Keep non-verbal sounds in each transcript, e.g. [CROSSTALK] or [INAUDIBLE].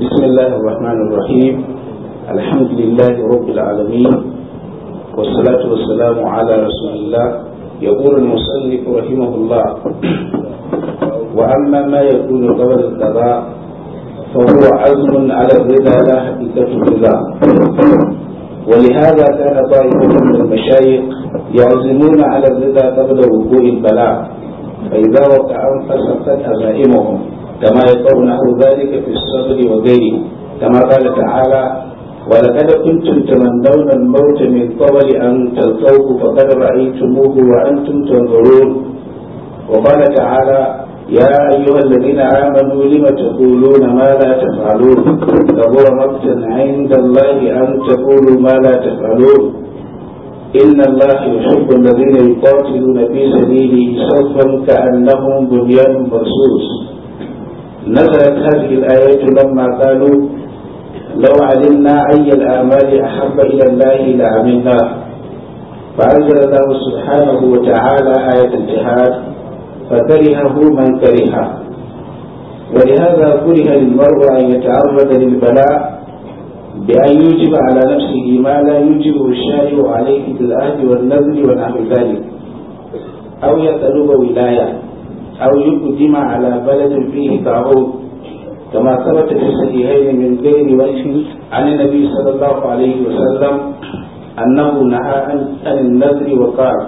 بسم الله الرحمن الرحيم الحمد لله رب العالمين والصلاة والسلام على رسول الله يقول المصنف رحمه الله وأما ما يكون قبل القضاء فهو عزم على الرضا لا حقيقة الرضا ولهذا كان طائفة من المشايخ يعزمون على الرضا قبل وقوع البلاء فإذا وقع انفسقت عزائمهم كما يقول نحو ذلك في الصبر وغيره كما قال تعالى ولقد كنتم تمنون الموت من قبل أن تلقوه فقد رأيتموه وأنتم تنظرون وقال تعالى يا أيها الذين آمنوا لم تقولون ما لا تفعلون كبر مقتا عند الله أن تقولوا ما لا تفعلون إن الله يحب الذين يقاتلون في سبيله صفا كأنهم بنيان مرصوص نزلت هذه الآيات لما قالوا لو علمنا أي الآمال أحب إلى الله لعملناه فأنزل الله سبحانه وتعالى آية الجهاد فكرهه من كرهه ولهذا كره للمرء أن يتعرض للبلاء بأن يوجب على نفسه ما لا يوجبه الشارع عليه بالعهد والنذر ونحو ذلك أو يطلب ولاية أو يقدم على بلد فيه طاغوت كما ثبت في الصحيحين من غير وجه عن النبي صلى الله عليه وسلم أنه نهى عن النذر وقال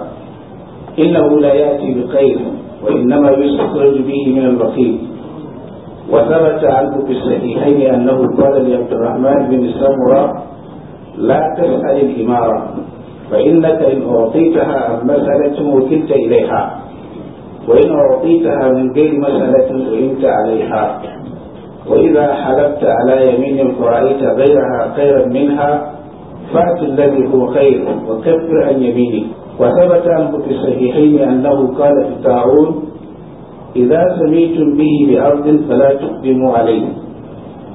إنه لا يأتي بخير وإنما يستخرج به من البخيل وثبت عنه في الصحيحين أنه قال لعبد الرحمن بن سمرة لا تسأل الإمارة فإنك إن أعطيتها مسألة وكلت إليها وإن أعطيتها من غير مسألة أعنت عليها وإذا حلفت على يمين فرأيت غيرها خيرا منها فأت الذي هو خير وكفر عن يمينه وثبت عنه في الصحيحين أنه قال في الطاعون إذا سميتم به بأرض فلا تقدموا عليه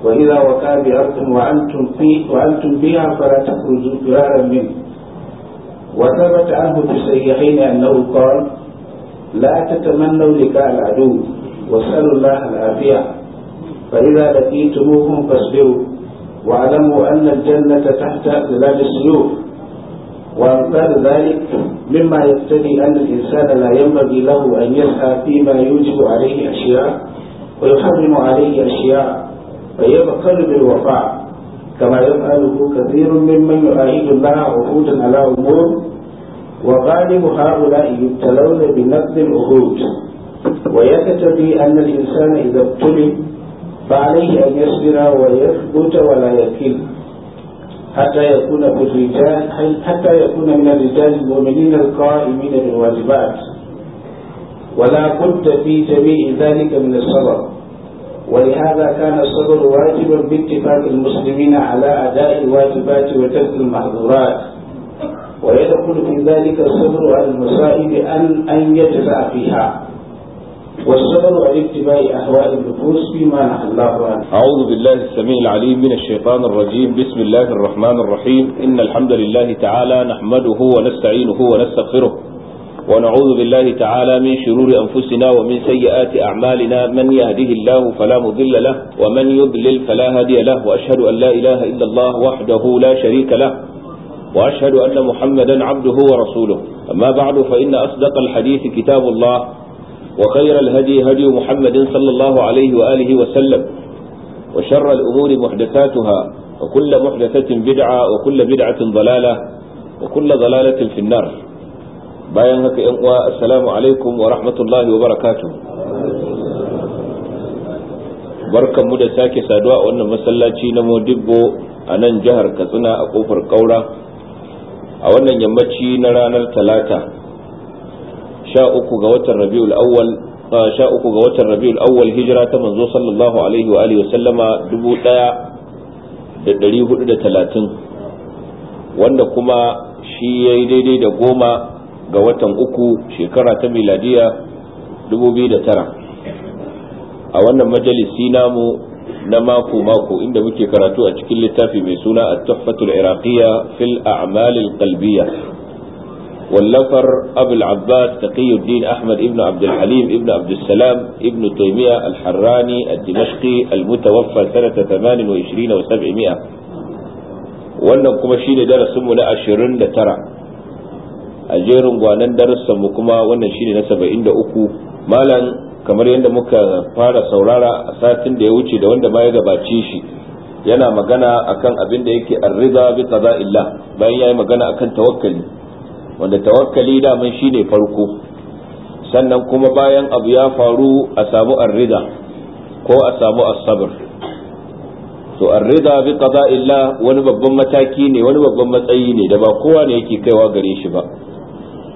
وإذا وقع بأرض وأنتم فيه وأنتم بها فلا تخرجوا فرارا منه وثبت عنه في الصحيحين أنه قال لا تتمنوا لقاء العدو واسألوا الله العافية فإذا لقيتموهم فاصبروا واعلموا أن الجنة تحت ظلال السيوف وأمثال ذلك مما يقتضي أن الإنسان لا ينبغي له أن يسعى فيما يوجب عليه أشياء ويحرم عليه أشياء ويبخل بالوفاء كما يفعله كثير ممن يعاهد الله عقودا على أمور وغالب هؤلاء يبتلون بنقض العهود ويكتفي أن الإنسان إذا ابتلي فعليه أن يصبر ويثبت ولا يكل حتى يكون في الرجال حتى يكون من الرجال المؤمنين القائمين بالواجبات ولا بد في جميع ذلك من الصبر ولهذا كان الصبر واجبا باتفاق المسلمين على أداء الواجبات وترك المحظورات ويدخل في ذلك الصبر على المسائل أن أن يجزع فيها والصبر على اتباع أهواء النفوس فيما نهى الله عنه. أعوذ بالله السميع العليم من الشيطان الرجيم، بسم الله الرحمن الرحيم، إن الحمد لله تعالى نحمده ونستعينه ونستغفره. ونعوذ بالله تعالى من شرور أنفسنا ومن سيئات أعمالنا من يهده الله فلا مضل له ومن يضلل فلا هادي له وأشهد أن لا إله إلا الله وحده لا شريك له وأشهد أن محمدا عبده ورسوله أما بعد فإن أصدق الحديث كتاب الله وخير الهدي هدي محمد صلى الله عليه وآله وسلم وشر الأمور محدثاتها وكل محدثة بدعة وكل بدعة ضلالة وكل ضلالة في النار bayan haka ‘yan uwa assalamu alaikum wa rahmatullahi wa barakatu barkanmu da sake saduwa a wannan masallaci na modibbo a nan jihar katsina a kofar kaura a wannan yammaci na ranar talata sha uku ga watan rabiul awwal sha uku ga watan rabiul awwal hijira ta manzo sallallahu alaihi wa alihi wasallama dubu daya da dari hudu da talatin wanda kuma shi ya yi daidai da goma ga watan uku shekara ta miladiya dubu biyu da tara a wannan majalisi namu na mako mako inda muke karatu a cikin littafi mai suna a tuhfatul iraqiyya fil a'mal al-qalbiyya wallafar abul abbas taqiyuddin ahmad ibn abd al-halim ibn abd salam ibn taymiya al-harrani ad-dimashqi al-mutawaffa sanata 28 wa 700 wannan kuma shine darasin mu na 29 a jerin gwanan darussan mu kuma wannan shine na 73 malam kamar yadda muka fara saurara a satin da ya wuce da wanda ma ya gabace shi yana magana akan abin da yake arriza bi qada'illah bayan yayi magana akan tawakkali wanda tawakkali da mun shine farko sannan kuma bayan abu ya faru a samu arriza ko a samu as-sabr to arriza bi qada'illah wani babban mataki ne wani babban matsayi ne da ba kowa ne yake kaiwa gare shi ba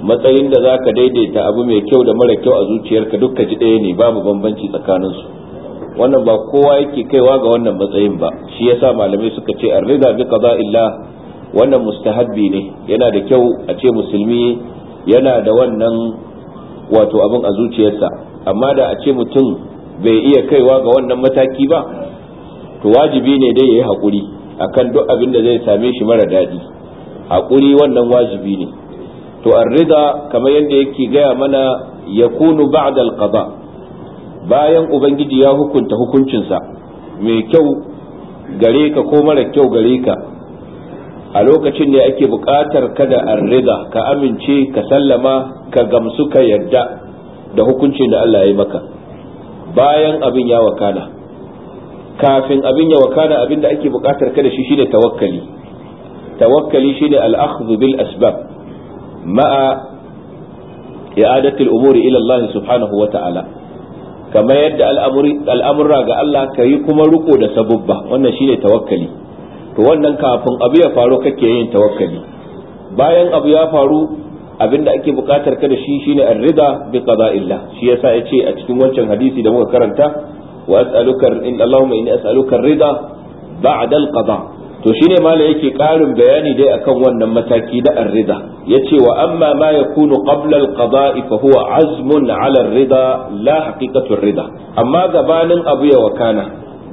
matsayin da za ka daidaita abu mai kyau da mara kyau a zuciyarka dukka ji ɗaya ne babu bambanci tsakaninsu wannan ba kowa yake kaiwa ga wannan matsayin ba shi yasa malamai suka ce an bi qada illa wannan mustahabbi ne yana da kyau a ce musulmi yana da wannan wato abin a zuciyarsa amma da a ce mutum bai iya kaiwa ga wannan mataki ba to wajibi ne dai ya yi haƙuri akan duk abin da zai same shi mara daɗi hakuri wannan wajibi ne to arrida kamar yadda yake gaya mana ya kunu ba'da alqada bayan ubangiji ya hukunta hukuncinsa mai kyau gare ka ko mara kyau gare ka a lokacin ne ake buƙatar ka da arrida ka amince ka sallama ka gamsu ka yadda da hukuncin da Allah ya yi maka bayan abin ya wakana kafin abin ya wakana abin da ake buƙatar ka da shi shine tawakkali tawakkali shine al-akhdhu bil asbab ma'a i'adatul umuri ila Allah subhanahu wa ta'ala kamar yadda al'amurra ga Allah ka yi kuma riko da sabubba wannan shine tawakkali to wannan kafin abu ya faru kake yin tawakkali bayan abu ya faru abinda ake bukatar ka da shi shine ar-rida bi qada'illah shi yasa yace a cikin wancan hadisi da muka karanta wa as'aluka in Allahumma inni as'aluka ar-rida ba'da al-qada to shine mala yake karin bayani dai akan wannan mataki na ar yace wa amma ma yakunu qabla al-qada'i fa huwa azmun 'ala ar la haqiqatu ar amma gabanin abu ya wakana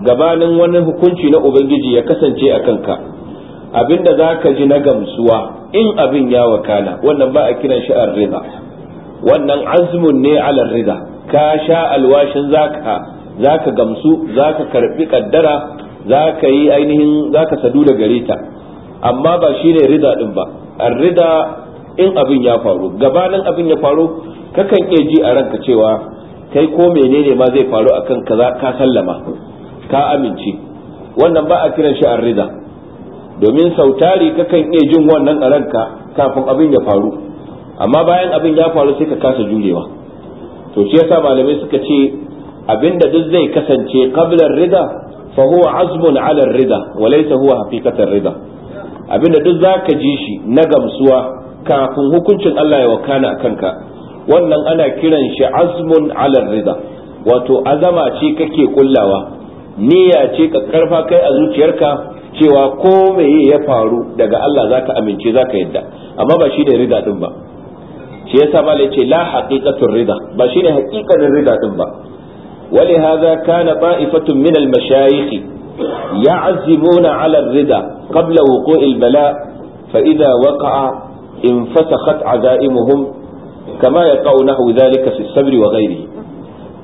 gabanin wani hukunci na ubangiji ya kasance a kanka abinda zaka ji na gamsuwa in abin ya wakana wannan ba a kiran shi ar wannan azmun ne 'ala ar ka sha alwashin zaka zaka gamsu zaka karbi kaddara za ka yi ainihin za ka sadu da gare ta amma ba shine rida din ba rida in abin ya faru gabanin abin ya faru kakan iya ji a ranka cewa kai ko menene ma zai faru akan kaza ka sallama ka amince wannan ba a kiran shi rida domin sautari kakan iya jin wannan a ranka kafin abin ya faru amma bayan abin ya faru sai ka kasa jurewa to shi yasa malamai suka ce abinda duk zai kasance qablar rida fa huwa azmun ala rida wa laysa huwa haqiqatar rida abinda duk zaka ji shi na gamsuwa kafin hukuncin Allah ya wakana kanka wannan ana kiran shi azmun ala rida wato azama ce kake kullawa niyya ce ka karfa kai a zuciyarka cewa ko meye ya faru daga Allah zaka amince zaka yadda amma ba shi da rida din ba shi yasa malai ce la haqiqatur rida ba shine haqiqanin rida din ba ولهذا كان طائفة من المشايخ يعزمون على الردى قبل وقوع البلاء فإذا وقع انفسخت عزائمهم كما يقع نحو ذلك في السبر وغيره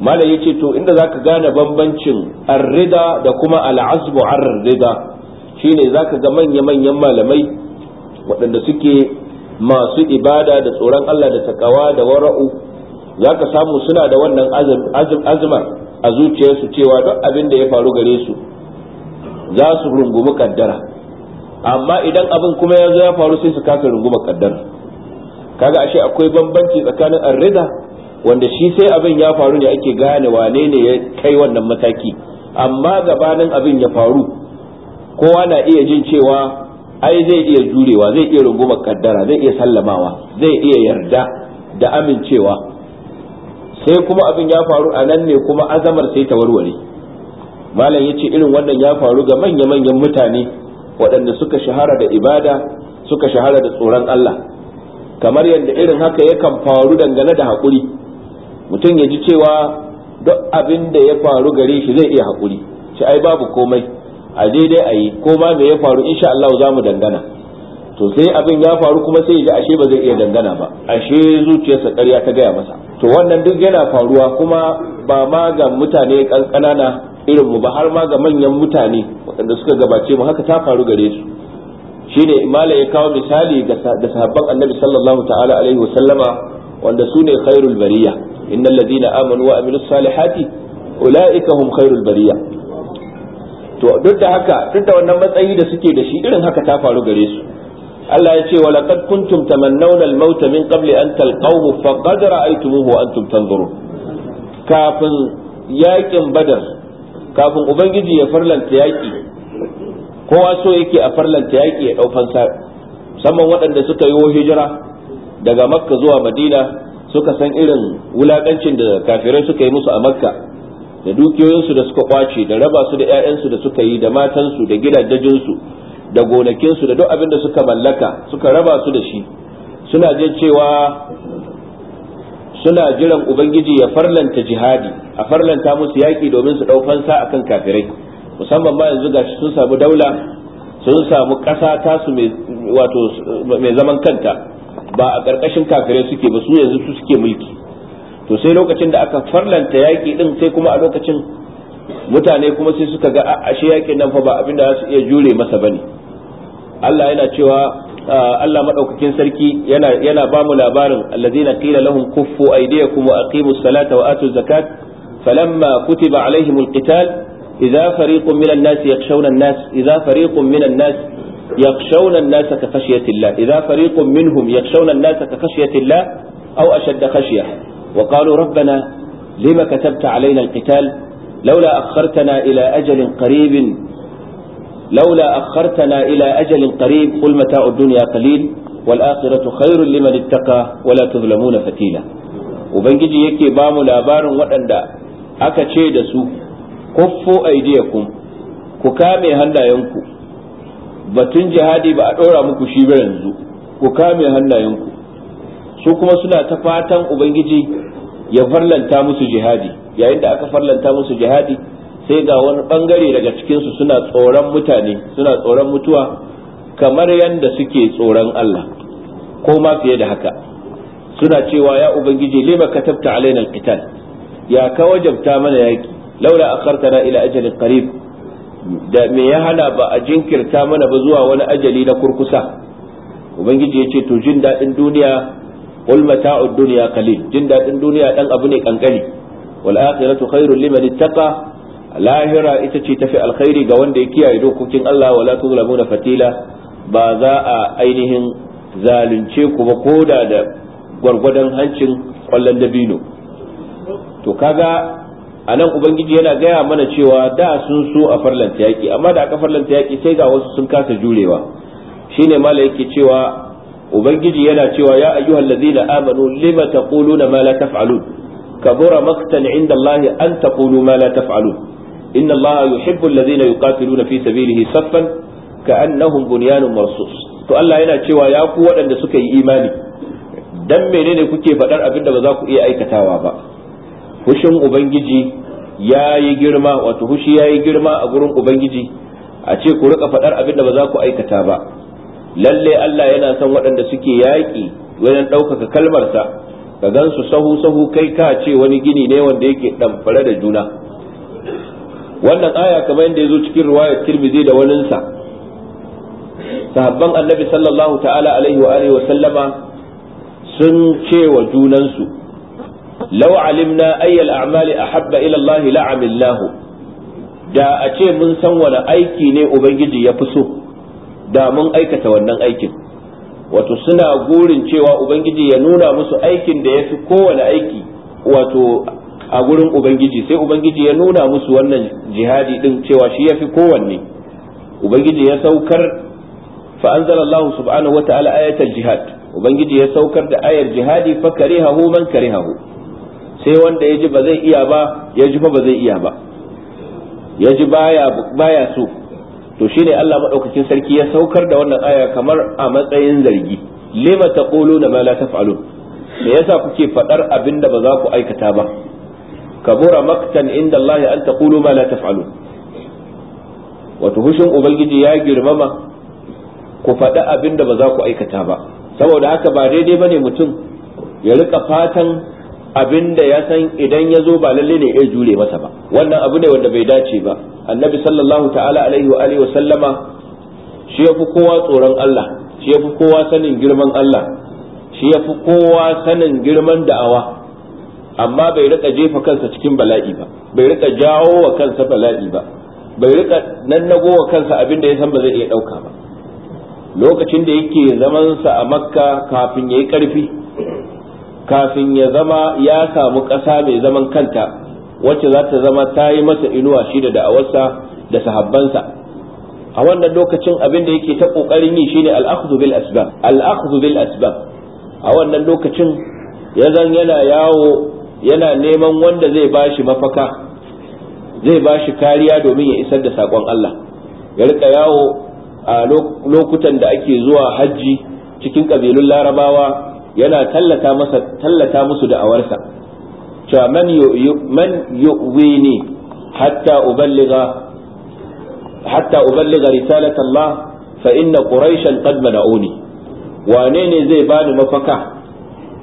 ما لا يتيتو إن ذاك كان بمبنشن الردى دكما العزم عن الردى شين ذاك كمان يمن يما لمي وأن سكي masu ibada da tsoron Allah da takawa da wara'u za ka samu suna da wannan azumar a zuciyarsu cewa don abin da ya faru gare su za su rungumi kaddara amma idan abin kuma ya zo ya faru sai su kasa rungumar kaddara kaga ashe akwai bambanci tsakanin arrida wanda shi sai abin ya faru ne ake gane wane ne ya kai wannan mataki amma gabanin abin ya faru kowa na iya jin cewa ai zai iya jurewa zai iya rungumar kaddara zai iya sallamawa zai iya yarda da amincewa sai kuma abin ya faru a nan ne kuma azamar sai ta warware malam ya ce irin wannan ya faru ga manya-manyan mutane waɗanda suka shahara da ibada suka shahara da tsoron Allah kamar yadda irin haka yakan faru dangane da haƙuri mutum ya ji cewa duk abin da ya faru gare shi zai iya haƙuri ci ai babu komai a daidai a yi ko ma ya faru insha Allah za mu dangana to sai abin ya faru kuma sai ya ashe ba zai iya dangana ba ashe zuciyarsa ƙarya ta gaya masa to wannan duk yana faruwa kuma ba ma ga mutane kankanana irin mu ba har ma ga manyan mutane waɗanda suka gabace mu haka ta faru gare su shine imalai ya kawo misali da sahabban annabi sallallahu ta'ala alaihi wa sallama wanda su ne khairul bariya innal ladina amanu wa amilus salihati ulaika hum khairul bariya to duk da haka duk da wannan matsayi da suke da shi irin haka ta faru gare su Allah ya ce walaqad kuntum tamannawna al-maut min qabli an talqahu faqad ra'aytumuhu wa antum tanzurun kafin yakin badar kafin ubangiji ya farlanta yaki kowa so yake a farlanta yaki ya dau fansa musamman waɗanda suka yi hijira daga makka zuwa madina suka san irin wulakancin da kafirai suka yi musu a makka da dukiyoyinsu da suka kwace da raba su da 'ya'yansu da suka yi da matansu da gidajensu da gonakinsu da duk abin da suka mallaka suka raba su da shi suna jin cewa suna jiran ubangiji ya farlanta jihadi a farlanta musu yaƙi domin su ɗau fansa akan kafirai musamman ma yanzu gashi sun samu daula sun samu ƙasa tasu wato mai zaman kanta ba a ƙarƙashin kafirai suke ba su yanzu su suke mulki to sai lokacin da aka farlanta yaƙi ɗin sai kuma a lokacin mutane kuma sai suka ga ashe yaƙin nan fa ba abin da za su iya jure masa bane Allah yana cewa Allah madaukakin sarki yana yana ba mu labarin allazina qila lahum kuffu aydiyakum wa aqimus salata wa atuz zakat falamma kutiba alaihimul qital idha fariqun minan nas yakhshawna an-nas idha fariqun minan nas yakhshawna an-nas ka khashyati Allah idha fariqun minhum yakhshawna an-nas ka khashyati Allah aw ashadd أشد wa qalu rabbana lima katabta علينا alqital لولا akhartana ila ajalin qaribin لولا أخرتنا إلى أجل قريب قل متاع الدنيا قليل والآخرة خير لمن اتقى ولا تظلمون فتيلا وبنجي يكي بام لابار وأندا أكا تشيدسو كفوا أيديكم كوكامي هندا ينكو batun jihadi ba a ɗora muku shi ba yanzu ku kame hannayenku su kuma suna ta fatan ubangiji ya farlanta musu jihadi yayin da aka farlanta musu jihadi sai ga wani bangare daga cikinsu suna tsoron mutane suna tsoron mutuwa kamar yadda suke tsoron Allah ko ma fiye da haka suna cewa ya ubangiji lima katabta alaina alqital ya ka wajabta mana yaki laula akhartana ila ajalin qarib da me ya hana ba a jinkirta mana ba zuwa wani ajali na kurkusa ubangiji ya ce to jin daɗin duniya qul mata'ud dunya qalil jin daɗin duniya dan abu ne kankani wal akhiratu khairul liman ittaqa lahira ita ce tafi alkhairi ga wanda ya kiyaye dokokin Allah wala tuzlamuna fatila ba za a ainihin zalunce ku ba koda da gwargwadon hancin kwallon dabino to kaga a nan ubangiji yana gaya mana cewa da sun so a farlanta yaƙi amma da aka farlanta yaƙi sai ga wasu sun kasa jurewa shine mala yake cewa ubangiji yana cewa ya ayyuhal ladina amanu lima taquluna ma la taf'alun kabura maktan inda Allah an taqulu ma la taf'alun inna الله يحب الذين يقاتلون في سبيله صفا ka'annahum بنيان مرصوص to Allah yana cewa ya ku waɗanda suka yi imani dan menene kuke faɗar abin da ba za ku iya aikatawa ba hushin ubangiji ya yi girma wato hushi ya yi girma a gurin ubangiji a ce ku rika faɗar abin da ba za ku aikata ba lalle Allah yana son waɗanda suke yaƙi wajen ɗaukaka kalmarsa ka gan su sahu sahu kai ka ce wani gini ne wanda yake ɗamfare da juna wannan aya kamar yadda ya zo cikin riwayar tirmidhi da waninsa sahabban annabi sallallahu ta'ala alaihi wa alihi wa sallama sun ce wa junansu law alimna ayyal a'mali ahabba ila Allah la'amillahu da a ce mun san wani aiki ne ubangiji ya fi so da mun aikata wannan aikin wato suna gurin cewa ubangiji ya nuna musu aikin da ya fi kowane aiki wato a gurin ubangiji sai ubangiji ya nuna musu wannan jihadi din cewa shi yafi kowanne ubangiji ya saukar fa anzalallahu subhanahu wataala ayatul jihad ubangiji ya saukar da ayar jihadi fa karihahu man karihahu sai wanda yaji ba zai iya ba yaji fa ba zai iya ba yaji baya baya so to shine Allah madaukakin sarki ya saukar da wannan aya kamar a matsayin zargi lima taquluna ma la taf'alun me yasa kuke fadar abinda ba za ku aikata ba kabura maktan inda Allah an taqulu ma la taf'alun wato ubangiji ya girmama ku faɗi abinda baza ba za ku aikata ba saboda haka ba daidai bane mutum ya rika fatan abinda ya san idan ya zo ba lalle ne ya jure masa ba wannan abu ne wanda bai dace ba annabi sallallahu ta'ala alaihi wa alihi wa sallama shi yafi kowa tsoron Allah shi yafi kowa sanin girman Allah shi yafi kowa sanin girman da'awa amma bai rika jefa kansa cikin bala'i ba bai rika jawo wa kansa bala'i ba bai rika nannago wa kansa abin da ya san ba zai iya dauka ba lokacin da yake zamansa a makka kafin ya yi karfi kafin ya zama ya samu ƙasa mai zaman kanta wacce za ta zama ta yi masa inuwa shi da da'awarsa da sahabbansa a wannan lokacin abin da yake ta ƙoƙarin yi shine al'akhdhu bil asbab al'akhdhu bil asbab a wannan lokacin ya zan yana yawo yana neman wanda zai bashi mafaka zai bashi kariya domin ya isar da sakon Allah ya rika yawo a lokutan da ake zuwa hajji cikin kabilun larabawa yana tallata masa tallata musu da'awarsa cewa man man yu'wini hatta uballigha hatta uballigha risalata Allah fa inna quraishan qad mana'uni wane ne zai bani mafaka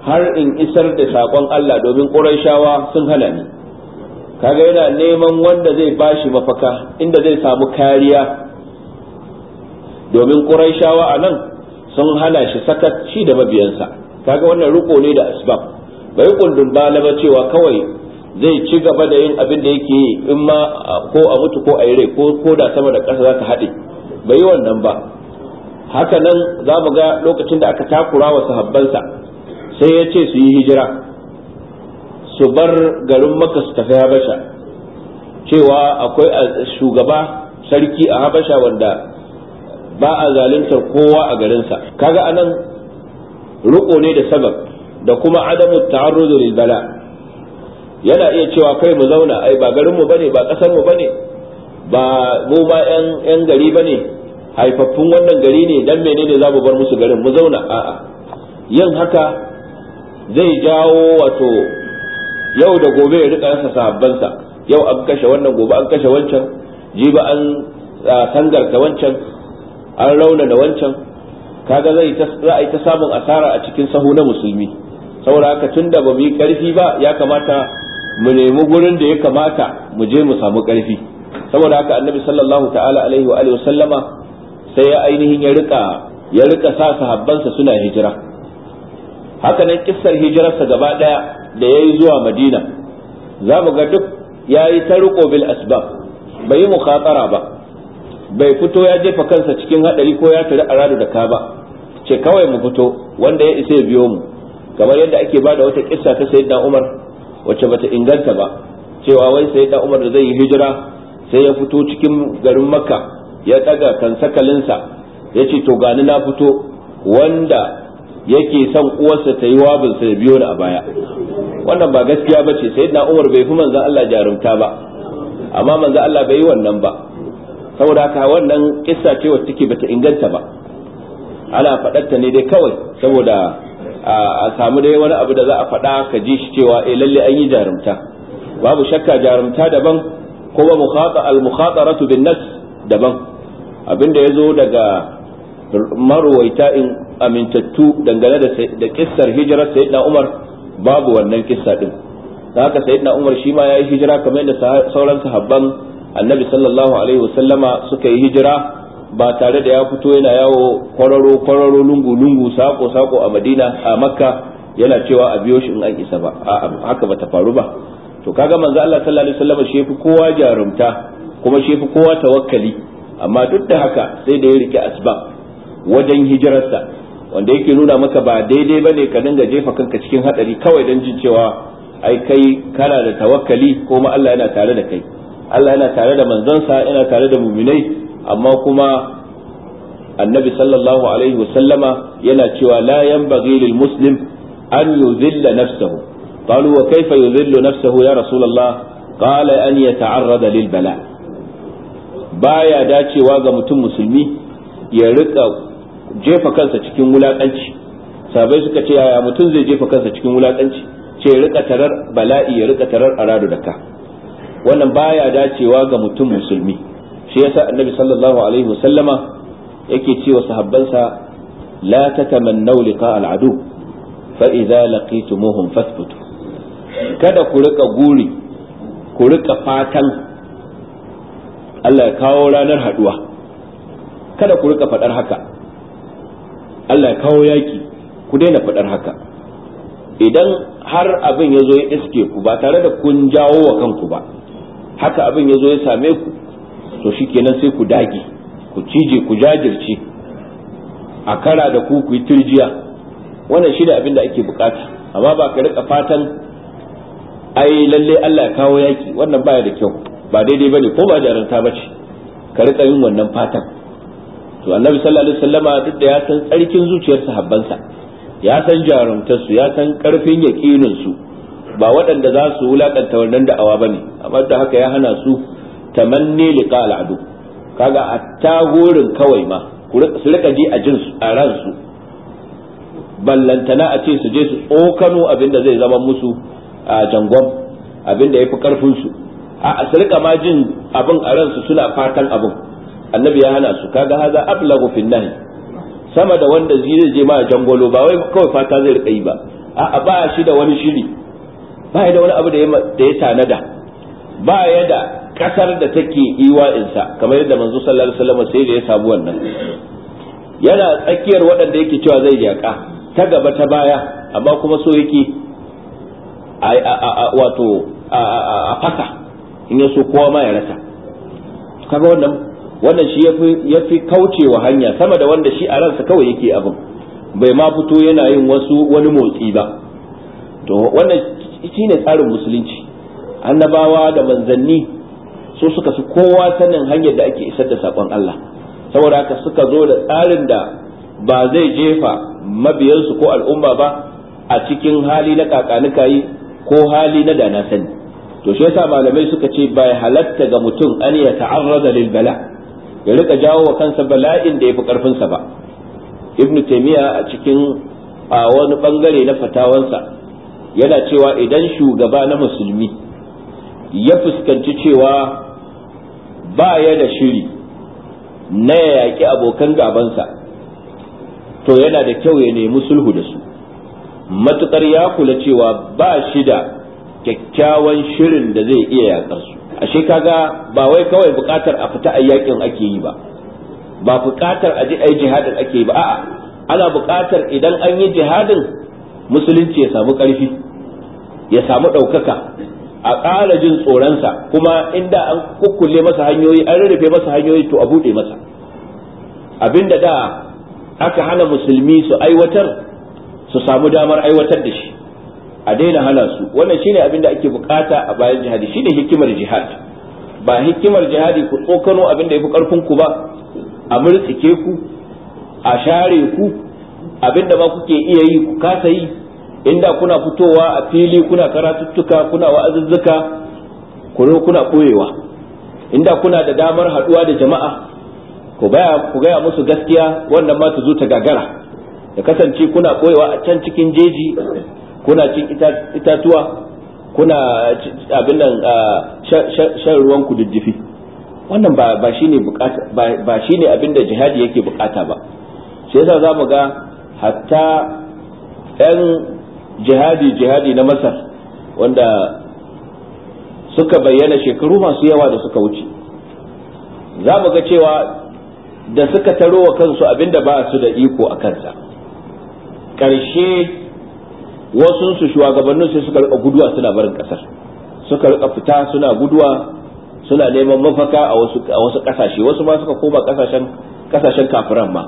har in isar da saƙon Allah domin ƙurayshawa sun hana ni kaga yana neman wanda zai bashi mafaka inda zai samu kariya domin ƙuraishawa a nan sun hana shi sakaci da mabiyansa kaga wannan riko ne da asbab bai kundin ba na cewa kawai zai ci gaba da yin abin da yake yi in ma ko a mutu ko a yi rai ko da sama da ƙasa za ta haɗe bai yi wannan ba haka nan za mu ga lokacin da aka takura wa sahabbansa sai ya ce su yi hijira su bar garin maka su tafi habasha cewa akwai shugaba sarki a habasha wanda ba a zaluntar kowa a garinsa kaga anan ruko ne da sabab da kuma adamu ta'arruzu lil bala yana iya cewa kai mu zauna ai ba garin mu bane ba kasar mu bane ba mu ba yan yan gari bane haifaffun wannan gari ne dan menene za mu bar musu garin mu zauna a'a yin haka zai jawo wato yau da gobe ya rika yasa sahabbansa yau an kashe wannan gobe an kashe wancan jiba an sangarta wancan an raunana wancan kaga zai za a yi ta samun asara a cikin sahu na musulmi saboda haka tunda ba mu yi karfi ba ya kamata mu nemi gurin da ya kamata mu je mu samu karfi saboda haka annabi sallallahu ta'ala alaihi wa alihi sallama sai ya ainihin ya rika ya rika sa sahabbansa suna hijira haka nan kissar hijirarsa gaba daya da yayi zuwa madina za mu ga duk yayi ta riko bil asbab bai yi mukhatara ba bai fito ya jefa kansa cikin hadari ko ya tare aradu da ka ba ce kawai mu fito wanda ya isa ya biyo mu kamar yadda ake bada wata kissa ta sayyidina Umar wacce bata inganta ba cewa wai sayyidina Umar da zai yi hijira sai ya fito cikin garin Makka ya daga kansakalinsa ya ce to gani na fito wanda yake son uwarsa ta yi wabinsa da biyo da a baya wannan ba gaskiya ba ce sayyidina umar bai fi manzan Allah jarumta ba amma manzan Allah bai yi wannan ba saboda haka wannan kissa ce wacce take bata inganta ba ana faɗarta ne dai kawai saboda a samu dai wani abu da za a faɗa ka ji shi cewa eh lalle an yi jarumta babu shakka jarumta daban kuma mukhata al mukhataratu bin nas daban abinda zo daga marwaita in amintattu dangane da kissar hijirar na Umar babu wannan kissa din da haka sayyidina Umar shi ma yayi hijira kamar yadda sauran sahabban Annabi sallallahu alaihi wasallama suka yi hijira ba tare da ya fito yana yawo kwararo kwararo lungu lungu sako sako a Madina a Makka yana cewa a biyo shi in an isa ba a'a haka bata faru ba to kaga manzo Allah sallallahu alaihi wasallama shi yafi kowa jarumta kuma shi yafi kowa tawakkali amma duk da haka sai da ya rike asbab wajen hijirarsa wanda yake nuna maka ba daidai ba ne ka dinga jefa kanka cikin hadari kawai don jin cewa ai kai kana da tawakkali ko kuma Allah yana tare da kai Allah yana tare da manzansa yana tare da muminai amma kuma annabi sallallahu alaihi wasallama yana cewa la yanbaghi lil muslim an yuzilla nafsahu قالوا وكيف يذل نفسه يا رسول الله قال أن يتعرض للبلاء baya dacewa ga mutum musulmi ya rika jefa kansa cikin wulakanci sabai suka ce yaya mutum zai jefa kansa cikin wulakanci ce rika tarar bala'i ya rika tarar aradu da ka wannan baya dacewa ga mutum musulmi shi yasa annabi sallallahu alaihi wasallama yake cewa sahabbansa la tatamannaw liqa al'adu fa idza laqitumuhum fathbutu kada ku rika guri ku rika fatan Allah ya kawo ranar haduwa kada ku rika fadar haka Allah ya kawo yaki ku daina faɗar haka idan har abin ya zo ya iske ku ba tare da kun jawo wa kanku ba haka abin ya zo ya same ku to kenan sai ku dage ku cije ku jajirce a kara da ku ku yi turjiya wannan shi da abin da ake bukata amma ba ka rika fatan ai lalle Allah ya kawo yaki wannan baya da kyau ba daidai bane ko ba jaranta bace ka rika yin wannan fatan to annabi sallallahu alaihi wasallama duk da ya san tsarkin zuciyar sahabbansa ya san jarumtarsu ya san karfin yaqinin su ba waɗanda za su wulakanta wannan da'awa bane amma da haka ya hana su tamanni liqa al'adu kaga hatta kawai ma su rika ji a jin a su ballantana a ce su je su tsokano abinda zai zama musu a jangon abinda ya fi karfin su a su rika ma jin abin a ransu suna fatan abin annabi ya hana su kaga haza ablagu fil nahi sama da wanda zai je ma jangolo ba wai kawai fata zai rika yi ba 'a ba shi da wani shiri ba ya da wani abu da ya tanada ba ya da kasar da take iwa insa kamar yadda manzo sallallahu alaihi wasallam sai da ya samu wannan yana tsakiyar waɗanda yake cewa zai yaƙa ta gaba ta baya amma kuma so yake wato a fasa in ya so kowa ma ya rasa kaga wannan wannan shi ya fi kaucewa hanya sama da wanda shi a ransa kawai yake abin bai ma fito yana yin wasu wani motsi ba to wannan shi ne tsarin musulunci annabawa da manzanni su suka su kowa sanin hanyar da ake isar da saƙon Allah saboda haka suka zo da tsarin da ba zai jefa mabiyansu ko al'umma ba a cikin hali na kakanuka yi ko hali na dana sani to shi yasa malamai suka ce bai halatta ga mutum an ya ta'arrada lil bala' ya rika jawo wa kansa bala'in da ya fi karfinsa ba ibn taymiya a cikin a wani bangare na fatawansa yana cewa idan shugaba na musulmi ya fuskanci cewa ba ya da shiri na ya yaƙi abokan gabansa to yana da kyau ya nemi sulhu da su matukar ya kula cewa ba shi da kyakkyawan shirin da zai iya yaƙar ashe kaga ba wai kawai buƙatar a fita yakin ake yi ba ba buƙatar a ji ai jihadin ake yi ba a'a ana buƙatar idan an yi jihadin musulunci ya samu ƙarfi ya samu ɗaukaka a ƙara jin tsoronsa kuma inda an kukkule masa hanyoyi an rarrafe masa hanyoyi to a buɗe masa abinda da aka hana musulmi su aiwatar su samu damar aiwatar da shi a daina hana su wannan shine abin da ake bukata a bayan jihadi shine hikimar jihad ba hikimar jihadi ku tsokano abin da yafi karfin ku ba a murtsike ku a share ku abin da ba kuke iya yi ku kasa yi inda kuna fitowa a fili kuna karatuttuka kuna wa'azuzzuka ku kuna koyewa inda kuna da damar haduwa da jama'a ku ku gaya musu gaskiya wannan ma ta zo ta gagara da kasance kuna koyewa a can cikin jeji kuna cin itatuwa kuna abin nan shan ruwan ku diddifi wannan ba shine bukata abin da jihadi yake bukata ba shi yasa mu ga hatta yan jihadi jihadi na masar wanda suka bayyana shekaru masu yawa da suka wuce za mu ga cewa da suka taro wa kansu abinda ba su da iko a kansa ƙarshe wasu su shugabannin sai suka rika guduwa suna barin kasar suka rika fita suna guduwa suna neman mafaka a wasu a wasu kasashe wasu ma suka koma kasashen kasashen kafiran ma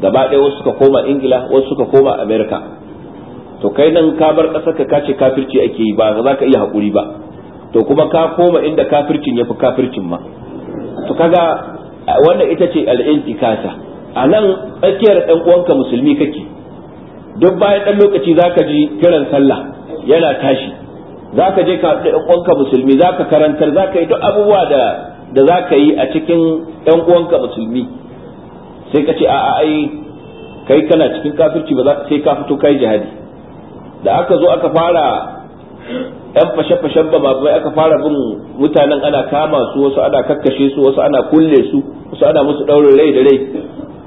gaba ɗaya wasu suka koma ingila wasu suka koma america to kai nan ka bar kasar ka kace kafirci ake yi ba za ka iya hakuri ba to kuma ka koma inda kafircin yafi kafircin ma to kaga wannan ita ce al'intikasa a nan tsakiyar ɗan uwanka musulmi kake duk bayan ɗan lokaci zaka ji kiran sallah yana tashi zaka je ka uwanka musulmi zaka karantar zaka yi duk abubuwa da da zaka yi a cikin yan uwanka musulmi sai ka ce a'a ai kai kana cikin kafirci ba sai ka fito kai jihadi da aka zo aka fara yan fashe-fashen ba babai aka fara bin mutanen ana kama su wasu ana kakkashe su wasu ana kulle su wasu ana musu ɗaurin rai da rai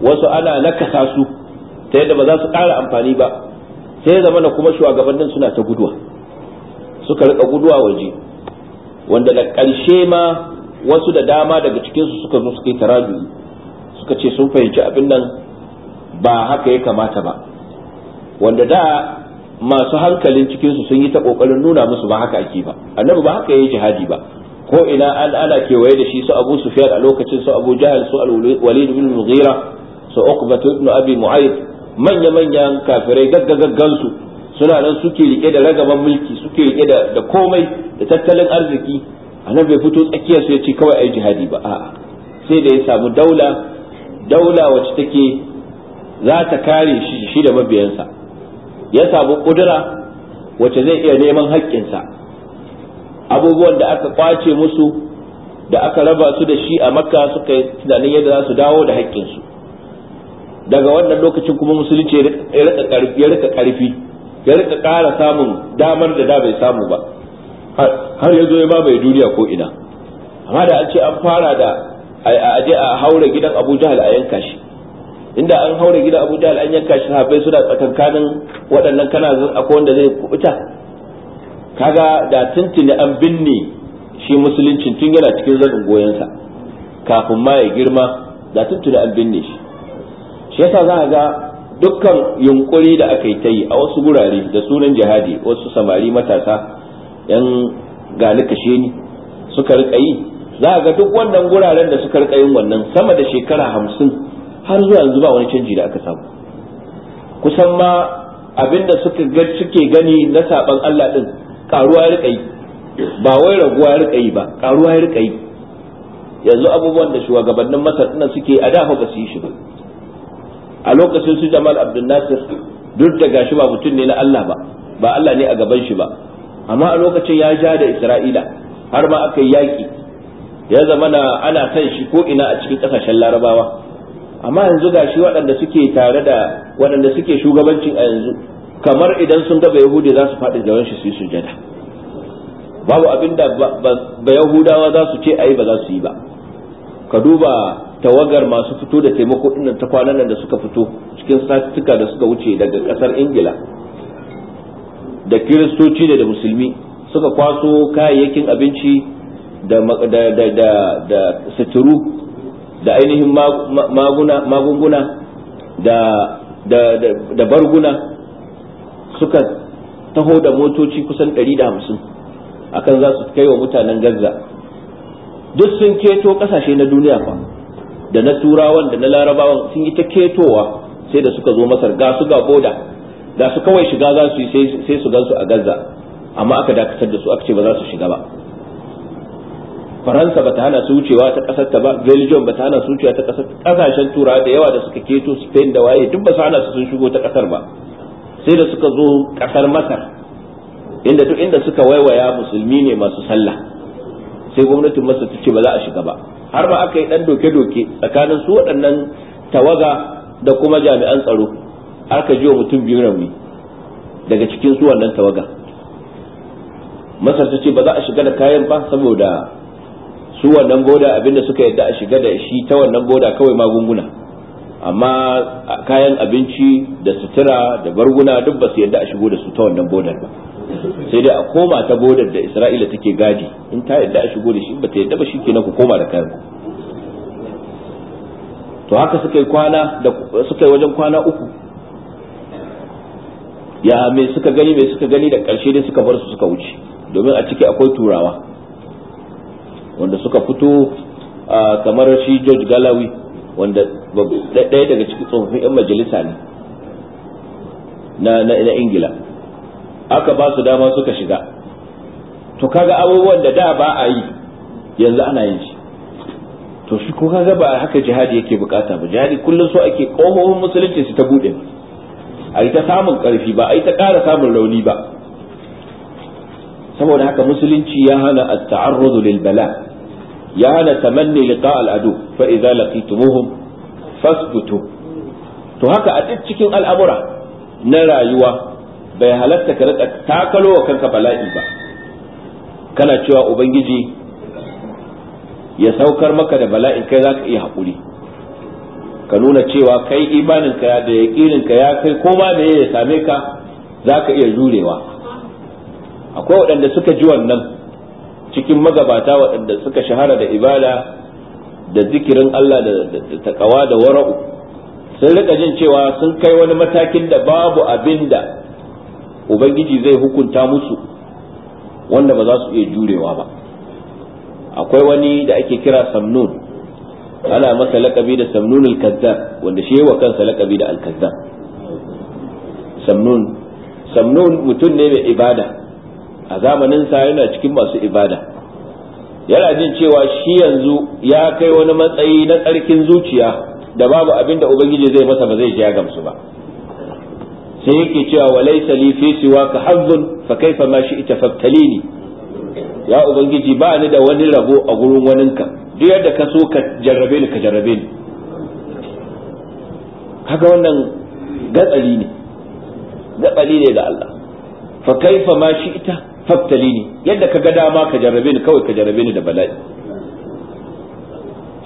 wasu ana nakasa su ta yadda ba za su ƙara amfani ba sai ya zama kuma shugabannin suna ta guduwa suka rika guduwa waje wanda da ƙarshe ma wasu da dama daga cikinsu suka zo suka yi tarajuyi suka ce sun fahimci abin nan ba haka ya kamata ba wanda da masu hankalin cikinsu sun yi ta ƙoƙarin nuna musu ba haka ake ba annabi ba haka yayi yi jihadi ba ko ina an ana kewaye da shi su abu sufiyar a lokacin su abu Jahl su al-walid ibn mughira su uqbatu ibn abi Mu'ayth manya-manyan kafirai gaggagaggansu suna nan suke rike da ragaban mulki suke rike da komai da tattalin arziki a nan bai fito tsakiyar su ya ce kawai ai jihadi ba a'a sai da ya samu daula daula wacce take za ta kare shi shi da mabiyansa ya samu kudura wacce zai iya neman haƙƙinsa abubuwan da aka kwace musu da aka raba su da shi a makka suka yi tunanin yadda za su dawo da haƙƙinsu daga wannan lokacin kuma musulunci ya rika karfi ya rika karfi ƙara samun damar da da bai samu ba har ya zo ya mamaye duniya ko ina amma da an ce an fara da a je a haura gidan Abu Jahal a yanka shi inda an haura gidan Abu Jahal an yanka shi habai suna tsakankanin waɗannan kana zan akwai wanda zai kubuta kaga da tuntuni an binne shi musulunci tun yana cikin goyon goyensa kafin ma ya girma da tuntuni an binne shi shi yasa za a ga dukkan yunkuri da aka yi ta yi a wasu gurare da sunan jihadi wasu samari matasa yan gani kashe ni suka rika yi za a ga duk wannan guraren da suka rika yin wannan sama da shekara hamsin har zuwa yanzu ba wani canji da aka samu kusan ma abinda suka ga suke gani na saban Allah din karuwa ya rika yi ba wai raguwa ya rika yi ba karuwa ya rika yi yanzu abubuwan da shugabannin masar ɗin suke a da ba su yi shi ba a lokacin su Jamal Abdul Nasir duk da gashi ba mutum ne na Allah ba ba Allah ne a gaban shi ba amma a lokacin ya ja da Isra'ila har ma aka yi yaki ya zama na ana san shi ko ina a cikin kasashen Larabawa amma yanzu gashi waɗanda suke tare da waɗanda suke shugabancin a yanzu kamar idan sun gaba Yahudi za su faɗi gaban shi su yi sujada babu abin da ba Yahudawa za su ce ayi ba za su yi ba ka duba tawagar masu fito da taimako ɗin ta kwanan nan da suka fito cikin satuka da suka wuce daga ƙasar ingila da kiristoci da da musulmi suka kwaso kayayyakin abinci da suturu da ainihin magunguna da barguna suka taho da motoci kusan 150 akan za su kai wa mutanen gaza duk sun keto kasashe na duniya fa da na turawan da na larabawan sun yi ta ketowa sai da suka zo masar ga su ga boda da su kawai shiga za su yi sai su gansu a gaza amma aka dakatar da su aka ce ba za su shiga ba faransa ba ta hana su wucewa ta kasar ta ba belgium ta hana su wucewa ta kasar kasashen turawa da yawa da suka keto spain da waye duk ba su hana su sun shigo ta kasar ba sai da suka zo kasar masar inda duk inda suka waiwaya musulmi ne masu sallah sai gwamnatin masar ta ce ba za a shiga ba har ba aka yi dan doke-doke tsakanin su waɗannan tawaga da kuma jami'an tsaro aka jiwa mutum biyu rauni daga cikin su wannan tawaga masar ta ce ba za a shiga da kayan ba saboda su wannan boda abinda suka yadda a shiga da shi ta wannan boda kawai magunguna amma kayan abinci da sutura da barguna duk ba su yadda a shigo da su ta wannan bodar ba sai dai a koma ta bodar da isra'ila take gadi in ta yadda a shigo da shi ba ta yadda ba shi ke ku koma da kayan to haka suka yi kwana da suka yi wajen kwana uku ya me suka gani me suka gani da ƙarshe dai suka bar su suka wuce domin a ciki akwai turawa wanda suka fito kamar shi George Galawi wanda ɗaya daga cikin tsofaffin 'yan majalisa ne na Ingila aka ba su dama suka shiga to kaga abubuwan da da ba a yi yanzu ana yin shi to shi ko kaga ba haka jihadi yake bukata ba jihadi kullum so ake kohon musulunci su ta bude a yi ta samun karfi ba a yi ta ƙara samun rauni ba saboda haka musulunci ya hana at-ta'arrud lil bala ya hana tamanni liqa al-adu fa idza laqitumuhum fasbutu to haka a cikin al'amura na rayuwa bai halatta ka rika takalo wa kanka bala'i ba kana cewa ubangiji ya saukar maka da bala'in kai za ka iya haƙuri ka nuna cewa kai imanin imaninka da ka ya kai koma da ya same ka za ka iya jurewa akwai waɗanda suka ji wannan cikin magabata waɗanda suka shahara da ibada da zikirin Allah da taƙawa da wara'u sun rika jin cewa sun kai wani matakin da babu abin da ubangiji zai hukunta musu wanda ba za su iya jurewa ba akwai wani da ake kira samnun ana masa lakabi da samnun al wanda shi wa kansa lakabi da al-kazzab samnun samnun mutum ne mai ibada a zamanin sa yana cikin masu ibada yana jin cewa shi yanzu ya kai wani matsayi na tsarkin zuciya da babu abin da ubangiji zai masa ba zai ji ya gamsu ba sai yake cewa walaysa li fi ka hazzun fa kaifa ma ita fabtalini ya ubangiji ba ni da wani rabo a gurin waninka duk yadda ka so ka jarrabe ni ka jarrabe ni haka wannan gatsali ne gatsali ne da Allah fa kaifa ma shi ita fabtalini yadda ka ga dama ka jarrabe ni kawai ka jarrabe ni da bala'i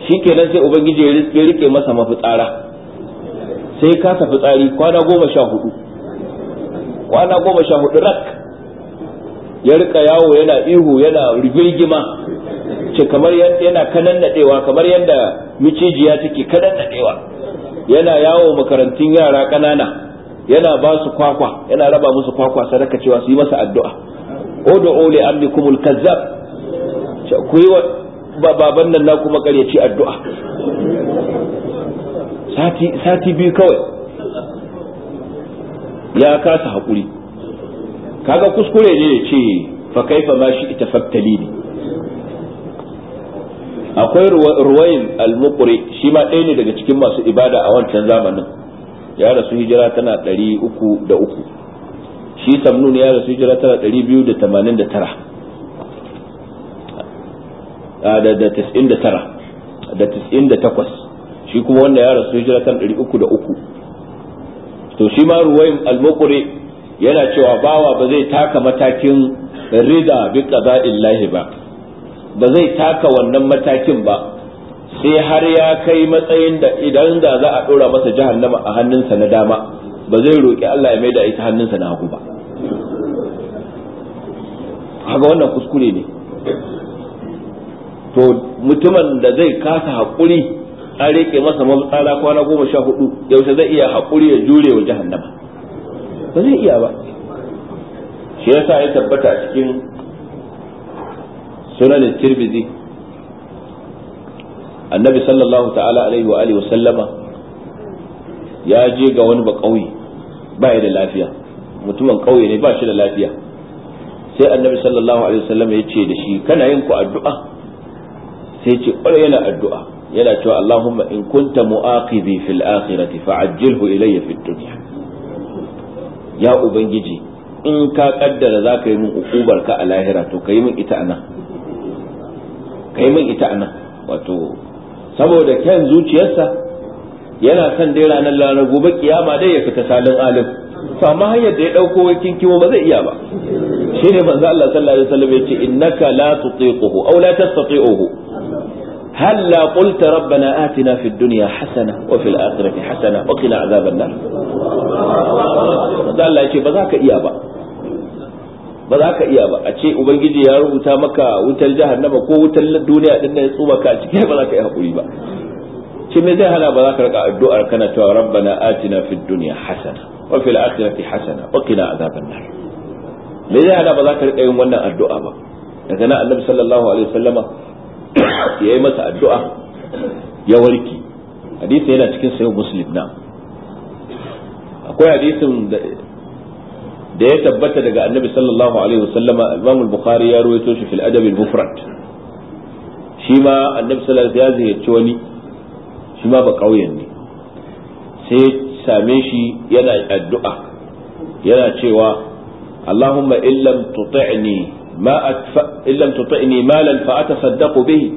shikenan sai ubangiji ya rike masa mafitsara sai ka tafi tsari kwana goma sha hudu kwana goma sha hudu rak ya rika yawo yana ihu yana rigirgima ce kamar yana kanan nadewa kamar yadda micijiya take kanan nadewa yana yawo makarantun yara ƙanana yana ba su kwakwa yana raba musu kwakwa sadaka cewa su yi masa addu'a odo ole kumul kazzab ku yi wa baban nan na kuma ƙaryaci addu'a sati biyu kawai ya kasa haƙuri kaga kuskure ne ya ce fa kaifa ma shi ita fattali ne akwai ruwayin al-muqri shi ma ɗaya ne daga cikin masu ibada a wancan zamanin ya rasu hijira tana ɗari uku da uku shi samnun ya rasu hijira tana ɗari biyu da tamanin da tara da tis'in da tara da tis'in da takwas shi kuma wanda ya rasu hijira tana ɗari uku da uku to shi ma ruwayin al-muqri yana cewa bawa ba zai taka matakin rida bi qada'illahi ba ba zai taka wannan matakin ba sai har ya kai matsayin da idan da za a dora masa jahannama a hannunsa na dama ba zai roki Allah ya maida ita hannunsa na hagu ba haka wannan kuskure ne to mutumin da zai kasa haƙuri an rike masa mafitsara kwana goma sha hudu yaushe zai iya haƙuri ya jure wa jahannama ba zai iya ba shi yasa ya tabbata cikin sunan tirmidhi annabi sallallahu ta'ala alaihi wa alihi sallama ya je ga wani ba kauye ba ya da lafiya mutumin kauye ne ba shi da lafiya sai annabi sallallahu alaihi wa sallama ya ce da shi kana yin ku addu'a sai ce kwarai yana addu'a yana cewa Allahumma in kunta mu'aqidhi fil akhirati fa'ajjilhu ilayya fid dunya ya ubangiji in ka kaddara za ka yi min ukubar ka a lahira to ka yi min ita anan ka yi min ita anan wato saboda kyan zuciyarsa yana son dai ranar ranar gobe kiyama dai ya fita salin alim to hanyar da ya dauko wakin kimo ba zai iya ba shine manzo Allah sallallahu alaihi wasallam yace innaka la tutiquhu aw la tastati'uhu هلا قلت ربنا آتنا في الدنيا حسنة وفي الآخرة حسنة وقنا عذاب النار da ya ce ba za ka iya ba ba za ka iya ba a ce ubangiji ya rubuta maka wutar jahannama ko wutar duniya din da ya tsoma ka a ciki ba za ka yi hakuri ba ce me zai ba za ka rika addu'ar kana cewa rabbana atina fid ba za ka rika yin wannan addu'a ba daga nan annabi sallallahu alaihi ya yi masa addu'a ya warke hadisi yana cikin sayo muslim na akwai hadisin da ya tabbata daga annabi sallallahu alaihi wasallam imam al-bukhari ya ruwaito shi fil adab al-mufrad shi ma annabi sallallahu alaihi ya ziyarci wani shi ma ba kauyen ne sai same shi yana addu'a yana cewa allahumma illam tuti'ni ما أتف... إن لم تطئني مالا فأتصدق به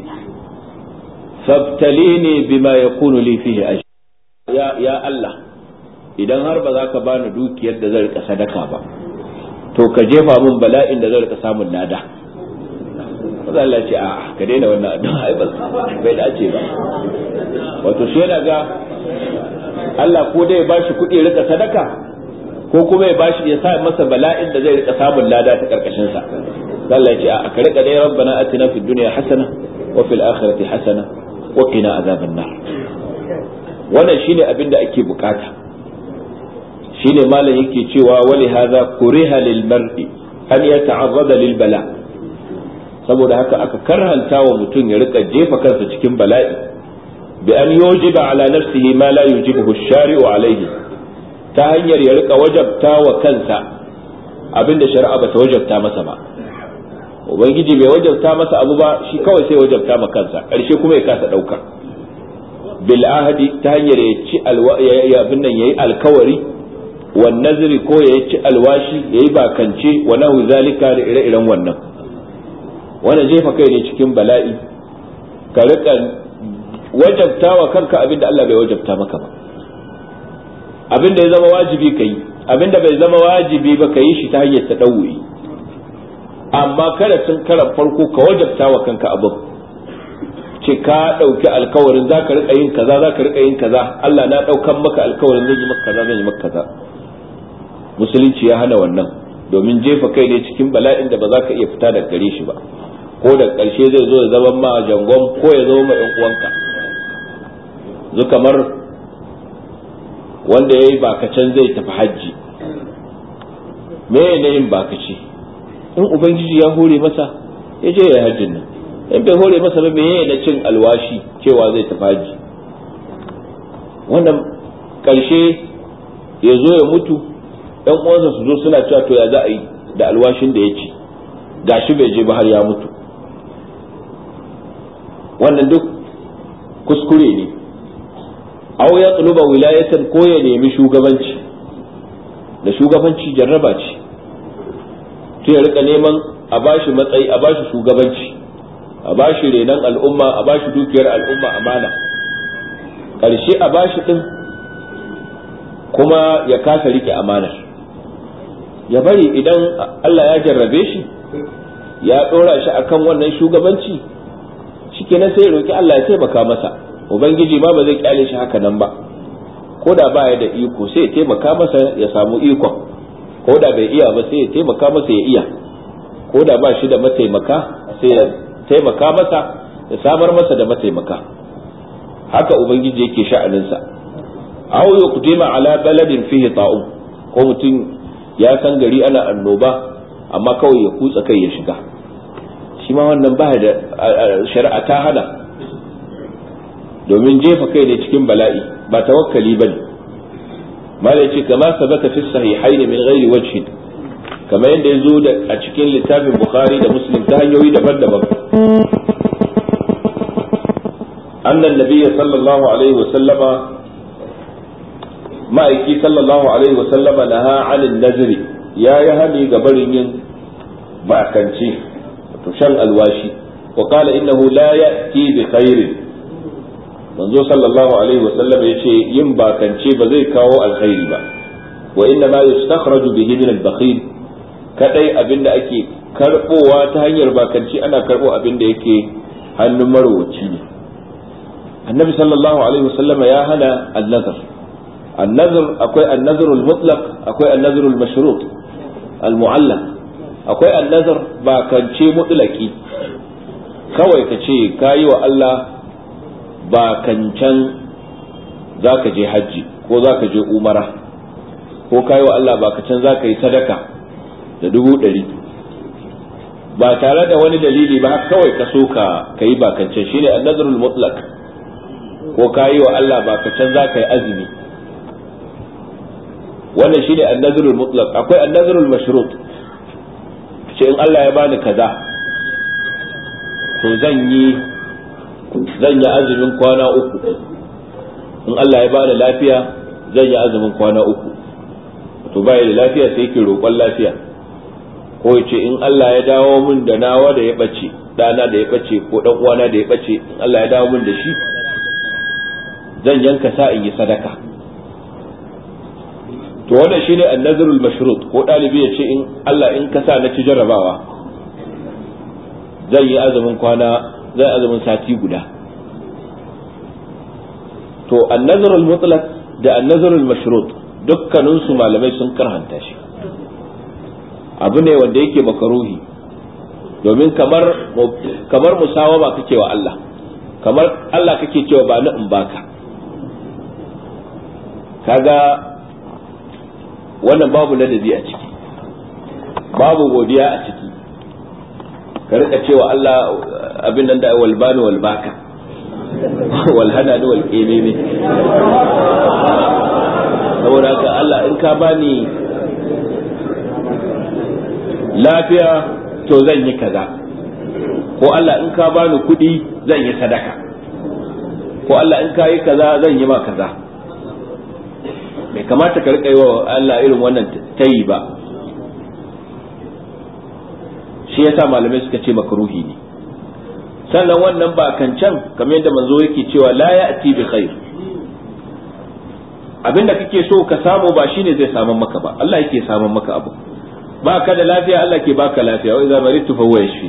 فابتليني بما يكون لي فيه أجر يا يا الله idan har ba za ka bani dukiyar da zai rika sadaka ba to ka jefa min bala'in da zai rika samun lada maza Allah ce a ka daina wannan addu'a ai bai dace ba wato shi yana ga Allah ko dai ya bashi kuɗi rika sadaka ko kuma ya bashi ya sa masa bala'in da zai rika samun lada ta karkashin sa Allah ya ce a ka rika dai rabbana atina fid dunya hasana wa fil akhirati hasana wa qina azaban nar wannan shine abin da ake bukata shine malam yake cewa wali hadha kuriha lil mar'i an yata'arrada lil bala saboda haka aka karhanta wa mutum ya rika jefa kansa cikin bala'i bi an yujiba ala nafsihi ma la yujibuhu shari'u alayhi ta hanyar ya rika wajabta wa kansa abinda shari'a bata wajabta masa ba ubangiji bai wajabta masa abu ba shi kawai sai wajabta ma kansa ƙarshe kuma ya kasa ɗauka bil ahadi ta hanyar ya ci ya abin nan yayi alkawari wa nazri ko ya ci alwashi yayi bakance wa nahu zalika da ire-iren wannan wannan jefa kai ne cikin bala'i ka rika wajabta wa kanka abin da Allah bai wajabta maka ba abin da ya zama wajibi kai abin da bai zama wajibi ba ka yi shi ta hanyar ta ɗauwi amma kada tun karan farko ka wajabta wa kanka abin ce ka ɗauki alkawarin za ka riƙa yin kaza za ka riƙa yin kaza Allah na ɗaukan maka alkawarin zan yi maka kaza zan yi maka kaza musulunci ya hana wannan domin jefa kai ne cikin bala'in da ba za ka iya fita daga gare shi ba ko da ƙarshe zai zo ya zama ma jangon ko ya zama ma ɗan uwanka zu kamar wanda ya yi bakacen zai tafi hajji me ne yin bakaci in ubangiji ya hore masa ya je ya hajji nan in bai hore masa ba meye na cin alwashi cewa zai tafi hajji wannan karshe ya zo ya mutu 'yan uwansa su zo suna cewa to ya za a yi da alwashin da ya ci shi bai je ba har ya mutu wannan duk kuskure ne aw ya tsuluba wilayatan ko ya nemi shugabanci da shugabanci jarraba ce to ya rika neman a bashi matsayi a bashi shugabanci a bashi renon al'umma a bashi dukiyar al'umma amana ƙarshe a bashi din kuma ya kasa rike amanar ya bari idan Allah ya jarrabe shi ya ɗora shi akan wannan shugabanci na sai ya roki Allah ya taimaka masa ubangiji ma ba zai kyale shi haka nan ba ko da baya da iko sai ya taimaka masa ya samu ikon ko da bai iya ba sai ya taimaka masa ya iya ko da ba shi da mataimaka sai ya taimaka masa ya samar masa da mataimaka haka ubangiji yake sha'aninsa aw yuqdima ala baladin fihi ta'um ko mutum ya san gari ana annoba amma kawai ya kutsa kai ya shiga shi ma wannan ba da shari'a ta hana domin jefa kai ne cikin bala'i ba tawakkali bane mala yace kama sabata fi sahihain min ghairi wajhi kamar yadda ya zo a cikin littafin bukhari da muslim ta hanyoyi daban-daban annan nabiyya sallallahu alaihi wasallama ma'aiki sallallahu alaihi wasallama naha alin nazri ya yi hani ga barin yin bakanci shan alwashi wa qala innahu la ya'ti bi khairin manzo sallallahu alaihi wa sallam ce yin bakance ba zai kawo alkhairi ba wa inna ma yustakhraju bihi min al-bakhil kadai abinda ake karbowa ta hanyar bakanci ana karbo abinda yake hannun marwaci ne annabi sallallahu alaihi wa sallam ya hana al-nazar al-nazar akwai al-nazar al-mutlaq akwai al-nazar al-mashrut al-mu'allaq akwai al-nazar bakance mutlaki kawai ka ce kayi wa Allah ba kancan za ka je hajji ko za ka je umara ko kayi wa Allah ba kancan za ka yi sadaka da dubu ɗari ba tare da wani dalili ba kawai ka so ka yi ba kancan shi ne nazrul mutlak? ko kayi wa Allah ba kancan za ka yi azumi wannan shi ne nazrul mutlak? akwai an mashrut ce in Allah ya bani kaza to zan yi zan yi azumin kwana uku in Allah ya bani lafiya zan yi azumin kwana uku to bai da lafiya sai ke roƙon lafiya ko ce in Allah ya dawo min da nawa da ya bace dana da ya bace ko dan uwana da ya bace in Allah ya dawo min da shi zan yanka sa in yi sadaka to wannan shine annazrul mashrut ko dalibi ya ce in Allah in ka sa na ci jarrabawa, zan yi azumin kwana zai zama sati guda to annazar al-mutlaq da annazar al-mashrut dukkanin su malamai sun karhanta shi abu ne wanda yake makaruhi domin kamar kamar musawama kake wa Allah kamar Allah kake cewa ba ni in baka kaga wannan babu ladabi a ciki babu godiya a ciki ka rika cewa Allah abin nan da walbani walbaka walhana da walƙeme ne saboda ka Allah in ka bani lafiya to zan yi kaza ko Allah in ka bani kuɗi zan yi sadaka ko Allah in ka yi kaza zan yi ma kaza bai kamata ka rika yi wa Allah irin wannan tayi ba shi yasa malamai suka ce makruhi ne sannan wannan ba kancan kamar yadda manzo yake cewa la ya'ti bi khair abinda kake so ka samu ba shine zai samu maka ba Allah yake saman maka abu ba ka da lafiya Allah ke baka lafiya wa idza maritu fa huwa yashfi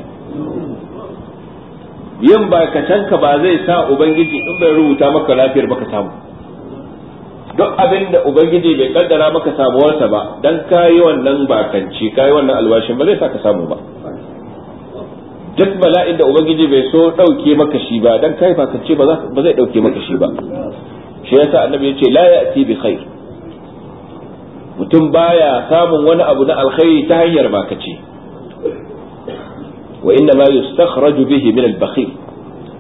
yin ba ka ba zai sa ubangiji in bai rubuta maka lafiyar baka samu duk abin da ubangiji bai kaddara maka samuwarsa ba dan kayi wannan bakanci kayi wannan albashin ba zai sa ka samu ba duk bala'in da ubangiji bai so dauke maka shi ba dan kai bakanci ba ba zai dauke maka shi ba shi yasa annabi ya ce la ya'ti bi khair mutum baya samun wani abu na alkhairi ta hanyar bakace wa inna ma yustakhraju bihi min al-bakhil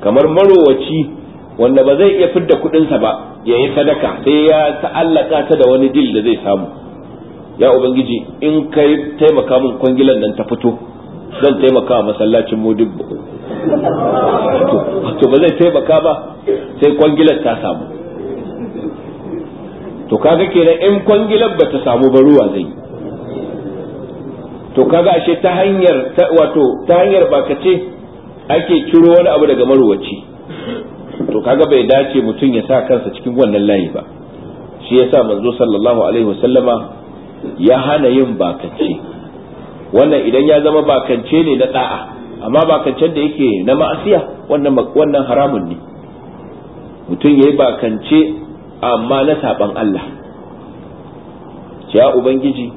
kamar marowaci wanda ba zai iya fidda sa ba ya yi sadaka sai ya ta'allaka ta da wani dil da zai samu ya ubangiji in kai taimaka min kwangilan nan ta fito zan taimaka wa masallacin modibbo to ba zai taimaka ba sai kwangilan ta samu to kaga kenan in kwangilan ba ta samu ba ruwa zai to kaga ashe ta hanyar wato ta hanyar ce ake ciro wani abu daga maruwaci to kaga bai dace mutum ya sa kansa cikin wannan layi ba shi yasa manzo sallallahu alaihi wasallama ya hana yin bakance wannan idan ya zama bakance ne na da'a amma bakancen da yake na ma'asiya wannan wannan haramun ne mutum yayi bakance amma na saban Allah ya ubangiji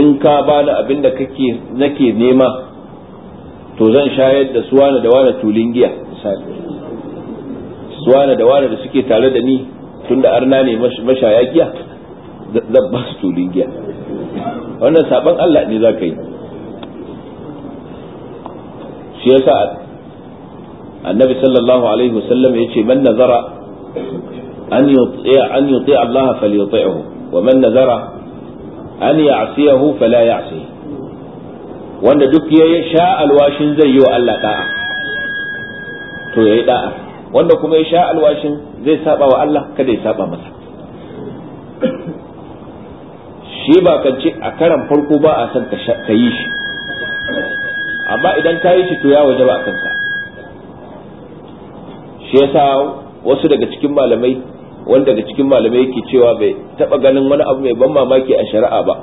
in ka bani abin da kake nake nema to zan shayar da suwana da wani tulin giya wane da wane da suke tare da ni tun da arna ne mashaya giya zan ba su tulin giya wannan saban Allah ne za ka yi shi Sa'ad, annabi sallallahu alaihi wasallam ya ce man nazara an yuti an yuti Allah falyuti'hu wa man nazara an ya'siyahu fala ya'si wanda duk ya sha alwashin zai yi wa Allah da'a to yayi da'a wanda kuma ya sha alwashin zai saba wa Allah kada ya saba masa shi ba kan ce a karan farko ba a san ka yi shi amma idan ka yi shi to ya waje ba a kanka shi yasa wasu daga cikin malamai wanda daga cikin malamai yake cewa bai taba ganin wani abu mai ban mamaki a shari'a ba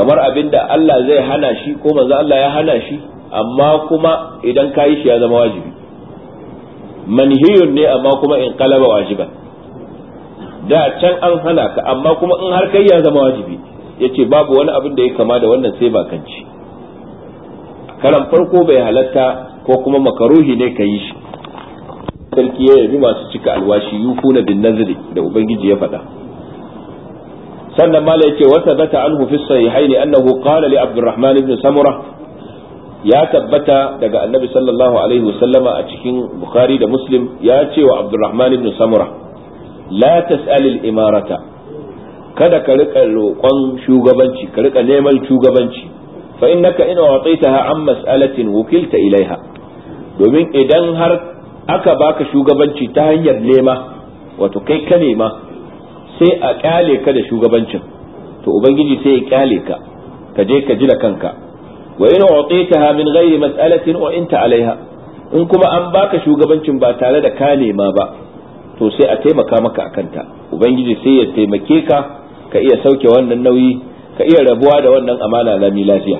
kamar abin da Allah zai hana shi ko manzo Allah ya hana shi amma kuma idan ka yi shi ya zama wajibi manhiyun ne amma kuma in qalaba wajiban da can an hana ka amma kuma in har kai ya zama wajibi yace babu wani abin da ya kama da wannan sai ba kanci karan farko bai halatta ko kuma makaruhi ne ka yi shi sarki ya yabi masu cika alwashi na bin nazri da ubangiji ya faɗa sannan mala yace wa zata anhu fi sahihaini annahu qala li abdurrahman ibn samura ya tabbata daga annabi sallallahu alaihi wasallama a cikin bukhari da muslim ya ce wa abdurrahman ibn samura la tas'alil imarata kada ka rika roƙon shugabanci ka rika neman shugabanci fa innaka in wataitaha an mas'alatin wukilta ilaiha domin idan har aka baka shugabanci ta hanyar nema wato kai ka nema sai a kyale ka da shugabancin to ubangiji sai ya kyale ka ka je ka ji da kanka wa in utitaha min ghairi mas'alatin wa anta alaiha in kuma an baka shugabancin ba tare da ka nema ba to sai a taimaka maka akan ta ubangiji sai ya taimake ka ka iya sauke wannan nauyi ka iya rabuwa da wannan amana lami lafiya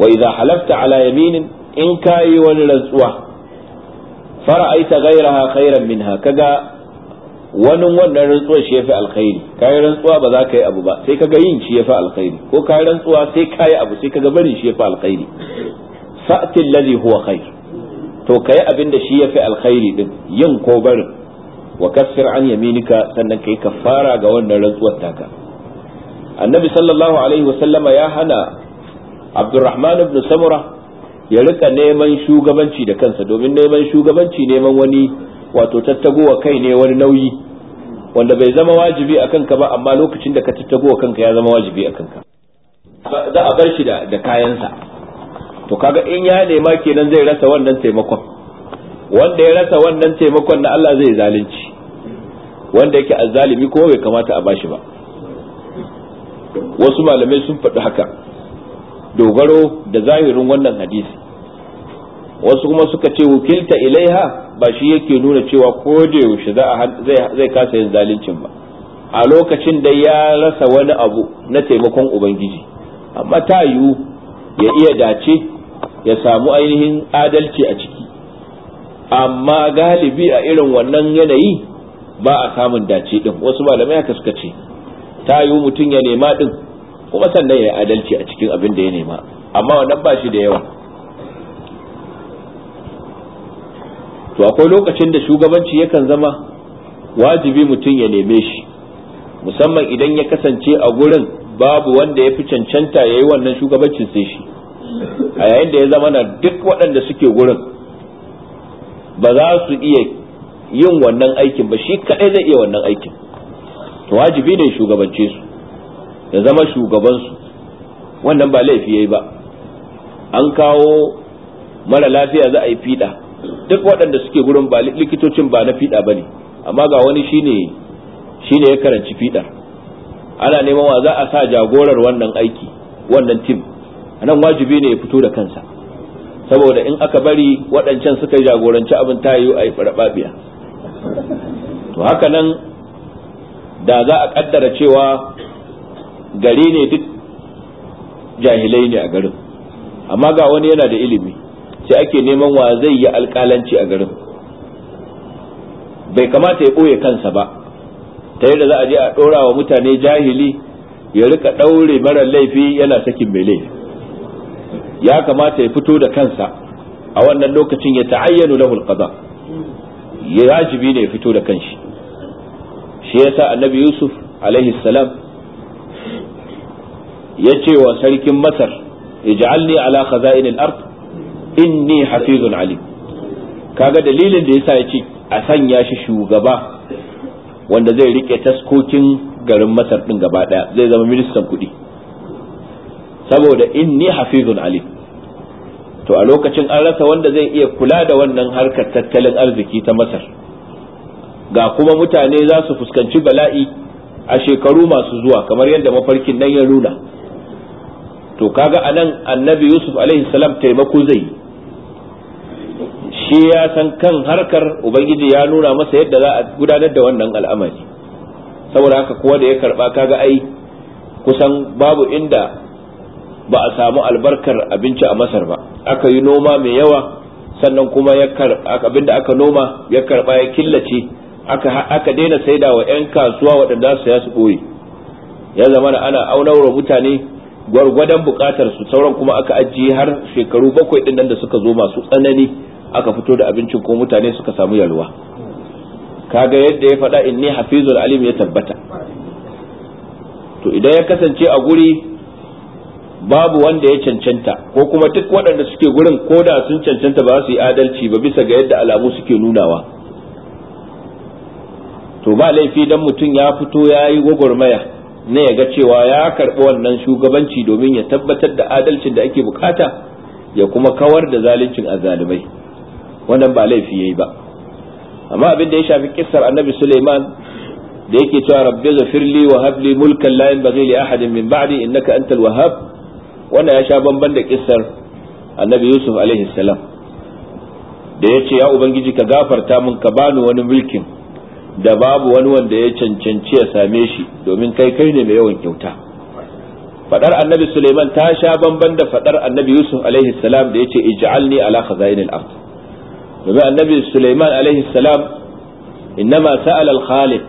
wa idza halafta ala yaminin in kayi wani rantsuwa fara fara'aita ghairaha khairan minha kaga wani wannan rantsuwar shi fi alkhairi kai rantsuwa ba za ka yi abu ba sai kaga yin shi fi alkhairi ko kayan rantsuwa sai kai abu sai kaga barin shi fi alkhairi fa'ti allazi huwa khair to kayi abin da shi yafi alkhairi din yin ko barin wa kaffir an yaminika sannan kai fara ga wannan rantsuwar taka annabi sallallahu alaihi wa sallama ya hana abdurrahman ibn samura ya rika neman shugabanci da kansa domin neman shugabanci neman wani wato tattagowa kai ne wani nauyi wanda bai zama wajibi a kanka ba amma lokacin da ka tattagowa kanka ya zama wajibi a kanka za a bar shi da kayansa to kaga in ya nema kenan zai rasa wannan taimakon wanda ya rasa wannan taimakon na Allah zai zalunci wanda yake azzalimi ko bai kamata a bashi ba wasu malamai sun faɗi haka dogaro da zahirin wannan hadisi wasu kuma suka ce wukilta ilaiha ba shi yake nuna cewa ko da yaushe zai kasa yin zalincin ba a lokacin da ya rasa wani abu na taimakon ubangiji amma ta yiwu ya iya dace ya samu ainihin adalci a ciki amma galibi a irin wannan yanayi ba a samun dace din wasu malamai haka suka ce ta yiwu mutum ya nema din kuma sannan ya adalci a cikin abin da ya nema amma wannan ba shi da yawa to akwai lokacin da shugabanci yakan zama wajibi mutum ya neme shi musamman idan ya kasance a gurin babu wanda ya fi cancanta ya yi wannan shugabancin sai shi a yayin da ya zama na duk waɗanda suke gurin ba za su iya yin wannan aikin ba shi kaɗai zai iya wannan aikin to wajibi ne shugabance su ya zama shugabansu wannan ba laifi ya ba an kawo mara lafiya za a yi fiɗa duk waɗanda suke gurin ba likitocin ba na fiɗa ba ne amma ga wani shine shine ya karanci fiɗar ana neman wa za a sa jagorar wannan aiki wannan tim nan wajibi ne ya fito da kansa saboda in aka bari waɗancan suka yi jagoranci abin ta yiwu a yi farababiya to haka nan da za a ƙaddara cewa gari ne duk jahilai ne a garin amma ga wani yana da ilimi sai ake neman wa zai yi alƙalanci a garin bai kamata ya ɓoye kansa ba ta yadda za a je a ɗora wa mutane jahili ya rika ɗaure mara laifi yana sakin mai laifi ya kamata ya fito da kansa a wannan lokacin ya ta'ayyanu lahul qada ya wajibi ne ya fito da kanshi shi yasa annabi yusuf alaihi salam ya ce wa sarkin masar ija'alni ala khaza'inil ard inni hafizun ali kaga dalilin da yasa yace a sanya shi shugaba wanda zai rike taskokin garin Masar din gaba daya zai zama ministan kudi saboda inni hafizun ali to a lokacin an rasa wanda zai iya kula da wannan harkar tattalin arziki ta Masar ga kuma mutane za su fuskanci bala'i a shekaru masu zuwa kamar yadda mafarkin nan ya nuna to kaga anan annabi yusuf alaihi salam taimako zai shi ya san kan harkar ubangiji ya nuna masa yadda za a gudanar da wannan al'amari saboda haka kowa da ya karba kaga ai kusan babu inda ba a samu albarkar abinci a masar ba aka yi noma mai yawa sannan kuma abin da aka noma ya karba ya killace aka daina saida wa 'yan kasuwa waɗanda su ya su ɓoye ya zama ana aunawar mutane gwargwadon bukatar su sauran kuma aka ajiye har shekaru bakwai din da suka zo masu tsanani aka fito da abincin ko mutane suka samu yalwa kaga yadda ya faɗa in ne hafizul alim ya tabbata to idan ya kasance a guri babu wanda ya cancanta ko kuma duk waɗanda suke gurin ko da sun cancanta ba su yi adalci ba bisa ga yadda alamu suke nunawa to ba laifi dan mutum ya fito ya yi gwagwarmaya na ya ga cewa ya karɓi wannan shugabanci domin ya tabbatar da adalcin da ake bukata ya kuma kawar da zaluncin azalimai wannan ba laifi yayi ba amma abin da ya shafi kissar annabi Suleiman da yake cewa rabbi zafirli wa habli mulkan la yanbaghi li ahadin min ba'di innaka antal wahhab wannan ya sha bamban da kissar annabi Yusuf alaihi salam da yace ya ubangiji ka gafarta mun ka bani wani mulkin da babu wani wanda ya cancanci ya same shi domin kai kai ne mai yawan kyauta fadar annabi suleiman ta sha bamban da fadar annabi yusuf alaihi salam da yace ij'alni ala khazain al-ard domin annabi suleiman alaihi salam innama sa'ala al-khaliq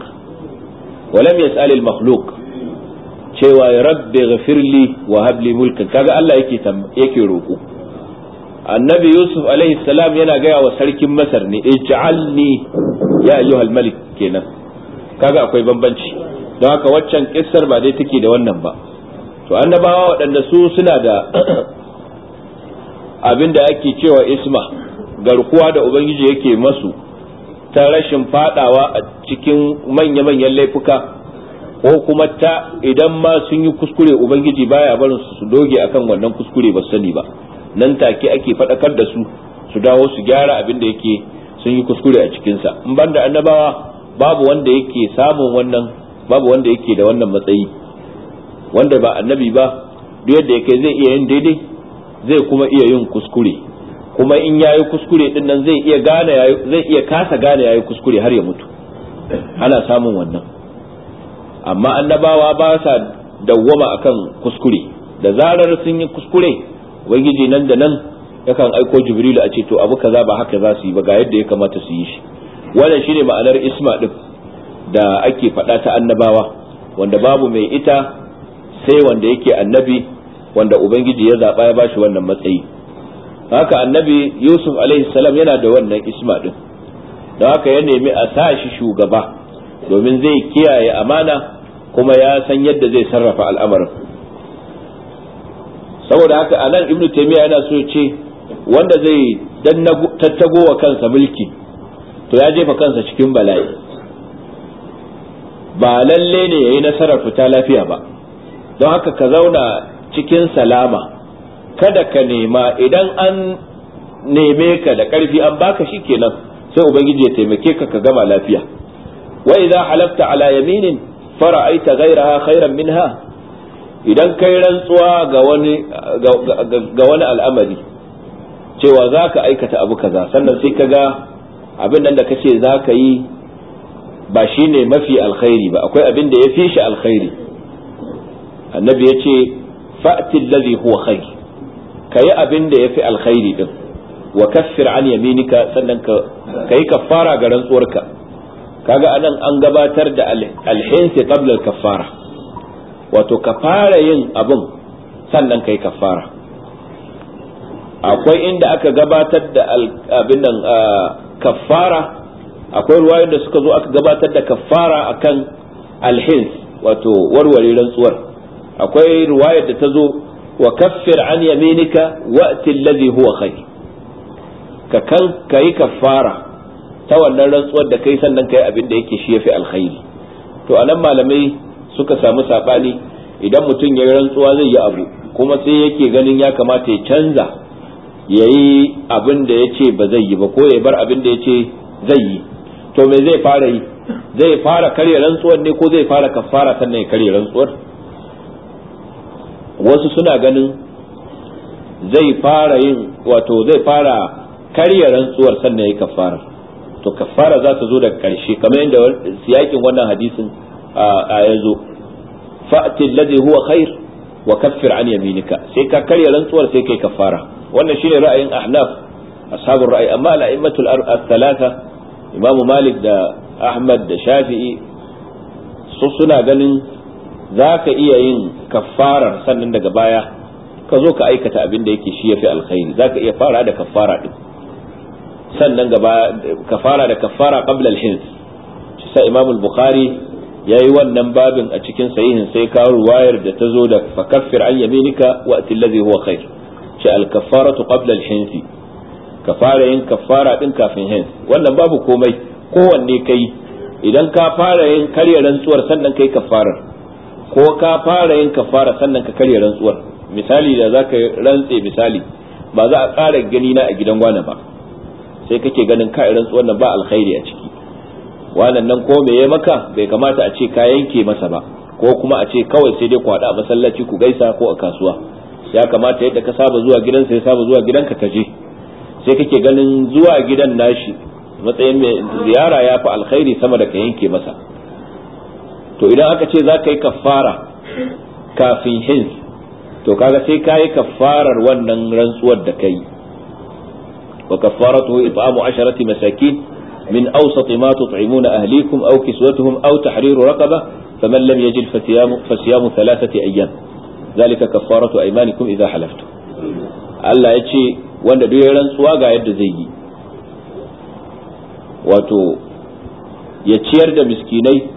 wa lam yas'al al-makhluq cewa ya rabbi ghafirli wa habli mulkan kaga Allah yake yake roƙo. annabi yusuf alaihi salam yana gaya wa sarkin masar ne ij'alni ya ayyuhal malik kenan kaga akwai bambanci don haka waccan kissar ba dai take da wannan ba to annabawa waɗanda su suna da [CLEARS THROAT] abin da ake cewa isma garkuwa da ubangiji yake masu ta rashin fadawa a cikin manya-manyan laifuka ko kuma ta idan ma sun yi kuskure ubangiji baya barin su doge akan wannan kuskure ba sani ba nan take ake faɗakar da su su dawo su gyara abin da yake sun yi kuskure a cikinsa in ban da annabawa babu wanda yake samun wannan babu wanda yake da wannan matsayi wanda ba annabi ba duk yadda yake zai iya yin daidai zai kuma iya yin kuskure kuma in yayi kuskure din nan zai iya gane zai iya kasa gane yayi kuskure har ya mutu ana samun wannan amma annabawa ba sa dawwama akan kuskure da zarar sun yi kuskure ubangiji nan da nan yakan aiko jibrilu a ce to abu kaza ba haka za su yi ba ga yadda ya kamata su yi shi wannan shine ma'anar isma din da ake faɗa ta annabawa wanda babu mai ita sai wanda yake annabi wanda ubangiji ya zaɓa ya bashi wannan matsayi haka annabi yusuf alaihi salam yana da wannan isma din Da haka ya nemi a sa shi shugaba domin zai kiyaye amana kuma ya san yadda zai sarrafa al'amarin saboda haka anan ibnu taymiya yana so ya ce wanda zai tattago wa kansa mulki to ya jefa kansa cikin bala'i ba lalle ne ya yi nasarar fita lafiya ba don haka ka zauna cikin salama kada ka nema idan an neme ka da ƙarfi an baka shi kenan sai ubangiji ya taimake ka ka gama lafiya wa idza halafta ala yaminin fara'aita ghayraha khairan minha idan kai rantsuwa ga wani ga wani al'amari cewa za ka aikata abu kaza sannan sai ka ga abin nan da ka ce za ka yi ba shi ne mafi alkhairi ba akwai abin da ya fi shi alkhairi annabi ya ce fa'atil ladhi huwa khair ka yi abin da ya fi alkhairi din wa kaffir an yaminika sannan ka yi kaffara ga rantsuwarka kaga anan an gabatar da alhinsi qabla al-kaffara wato ka fara yin abin sannan kai kaffara akwai inda aka gabatar da abin nan kaffara akwai ruwayoyin da suka zo aka gabatar da kaffara akan alhins wato warware rantsuwar akwai ruwayar da ta zo wa kaffir an yaminika wa'ti allazi huwa khair ka kan kai kaffara ta wannan rantsuwar da kai sannan kai abin da yake shi yafi alkhairi to anan malamai suka samu sabani idan mutum ya rantsuwa zai yi abu kuma sai yake ganin ya kamata ya canza ya yi abin da ya ce ba zai yi ba ko ya bar abin da ya ce zai yi to me zai fara yi zai fara karya rantsuwar ne ko zai fara kafara sannan ya karya rantsuwar wasu suna ganin zai fara yin wato zai fara karya rantsuwar sannan ya kafara to kafara za ta zo daga karshe kamar yadda siyakin wannan hadisin a yanzu fa'ati alladhi huwa khair wa kaffir an yaminika sai ka karya rantsuwar sai kai kafara wannan shine ra'ayin ahnaf ashabun ra'ayi amma al'aimatul thalatha imam malik da ahmad da shafi'i su suna ganin ka iya yin kaffarar sannan daga baya ka zo ka aikata abin da yake shi yafi alkhairi ka iya fara da kaffara din sannan gaba kafara da kaffara qabla al-hins shi sa imam al-bukhari yayi wannan babin a cikin sahihin sai ka ruwayar da ta zo da fakaffir an yaminika wa atil ladhi huwa khair ce alkafaratu qabla alhinsi ka fara yin kafara din kafin hins wannan babu komai kowanne kai idan ka fara yin karya rantsuwar sannan kai kafarar ko ka fara yin kafara sannan ka karya rantsuwar misali da zaka rantse misali ba za a ƙara gani na a gidan gwana ba sai kake ganin ka rantsuwar nan ba alkhairi a ciki wannan nan ko me ya maka bai kamata a ce ka yanke masa ba ko kuma a ce kawai sai dai ku haɗa a masallaci ku gaisa ko a kasuwa ya kamata yadda ka saba zuwa gidansa ya saba zuwa gidanka ka je sai kake ganin zuwa gidan nashi matsayin mai ziyara ya fi alkhairi sama da ka yanke masa to idan aka ce za ka yi kafara kafin hin to kaga sai ka yi kafarar wannan rantsuwar da ka yi wa kafaratu it'amu asharati masakin min awsati ma tut'imuna ahlikum aw kiswatuhum aw tahriru raqaba faman lam yajid fasiyamu fasiyamu thalathati ayyam zalika kafaratu aymanikum idza halaftu Allah ya ce wanda duk ya rantsuwa ga yadda zai yi wato ya ciyar da miskinai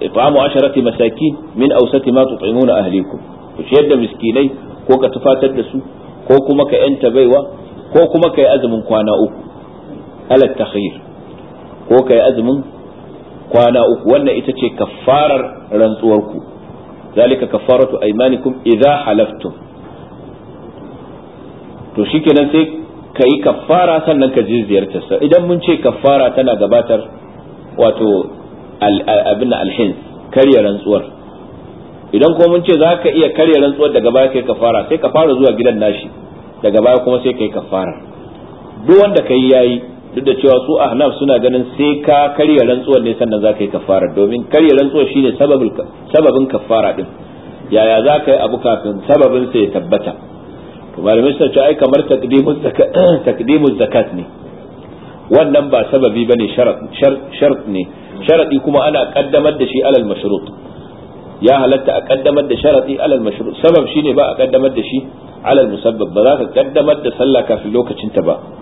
ifamu asharati masakin min awsati ma tut'imuna ahlikum ku ciyar da miskinai ko ka tufatar da su ko kuma ka yanta baiwa ko kuma ka yi azumin kwana uku alat takhir ko ka yi azumin kwana uku wannan ita ce kafarar ku zalika kafaratu aymanikum idza halaftum to shikenan sai ka kafara sannan ka je ziyartarsa idan mun ce kafara tana gabatar wato abin alhin karya rantsuwar idan kuma mun ce za iya karya rantsuwar daga baya kai kafara sai ka fara zuwa gidan nashi daga baya kuma sai kai kafara duk wanda kai yayi duk da cewa su ahnaf suna ganin sai ka karya rantsuwar ne sannan zaka yi kafara domin karya rantsuwar shine sababin sababin kafara din yaya za ka yi abu kafin sababin sai ya tabbata to malamai sun ce ai kamar takdimus [CLEARS THROAT] zakat ne wannan ba sababi bane shart ne sharadi kuma ana kaddamar da shi alal mashrut ya halatta a kaddamar da sharadi alal mashrut sabab shine ba a kaddamar da shi alal musabbab ba za ka kaddamar da sallah kafin lokacin ta ba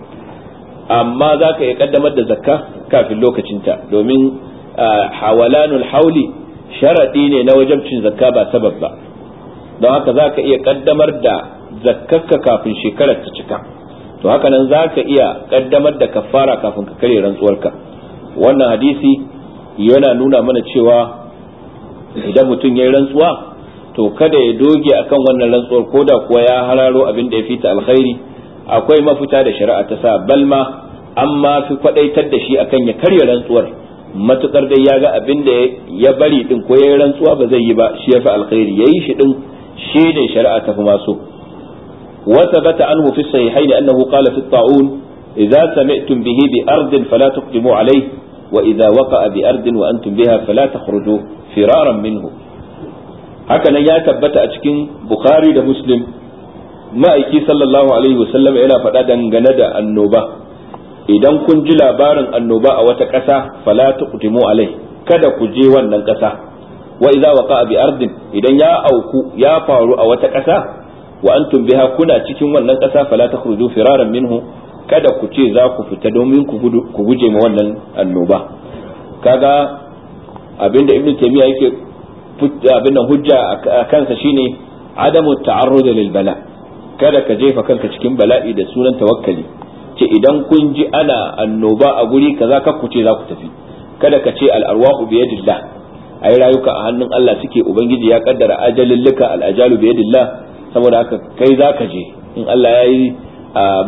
amma za ka iya kaddamar da zakka kafin lokacinta domin hawalanul hauli sharaɗi ne na wajabcin zakka ba sabab ba don haka za ka iya kaddamar da zakkarka kafin shekarar ta cika to haka nan za ka iya kaddamar da kafara kafin ka kare rantsuwarka wannan hadisi yana nuna mana cewa idan mutum ya yi rantsuwa to kada ya doge akan wannan rantsuwar ko da kuwa ya hararo abin da ya fita alkhairi akwai mafita da shari'a ta sa balma amma fi kwadaitar da shi akan ya karya rantsuwar matukar dai ya ga abin da ya bari din ko ya yi rantsuwa ba zai yi ba shi ya fi alkhairi ya yi shi ɗin shi ne shari'a ta fi maso wata bata an hufi sai haini an nahu kala fi ta'un idza sami'tum bihi bi ardin fala tuqdimu alayhi wa idza waqa'a bi ardin wa antum biha fala takhruju firaran minhu hakanan ya tabbata a cikin bukhari da muslim ma'aiki sallallahu alaihi wasallam yana faɗa dangane da annoba idan kun ji labarin annoba a wata ƙasa fala tuqdimu alai kada ku je wannan ƙasa wa idza waqa'a bi ardin idan ya auku ya faru a wata ƙasa wa antum biha kuna cikin wannan ƙasa fala takhruju firaran minhu kada ku ce za ku fita domin ku guje ma wannan annoba kaga abinda ibnu taymiya yake abin hujja a kansa shine adamu ta'arrud lil bala kada ka jefa kanka cikin bala'i da sunan tawakkali ce idan kun ji ana annoba a guri kaza ka ce za ku tafi kada ka ce al'arwahu biyadillah yi rayuka a hannun Allah suke ubangiji ya kaddara ajalillika al'ajalu biyadillah saboda haka kai za ka je in Allah ya yi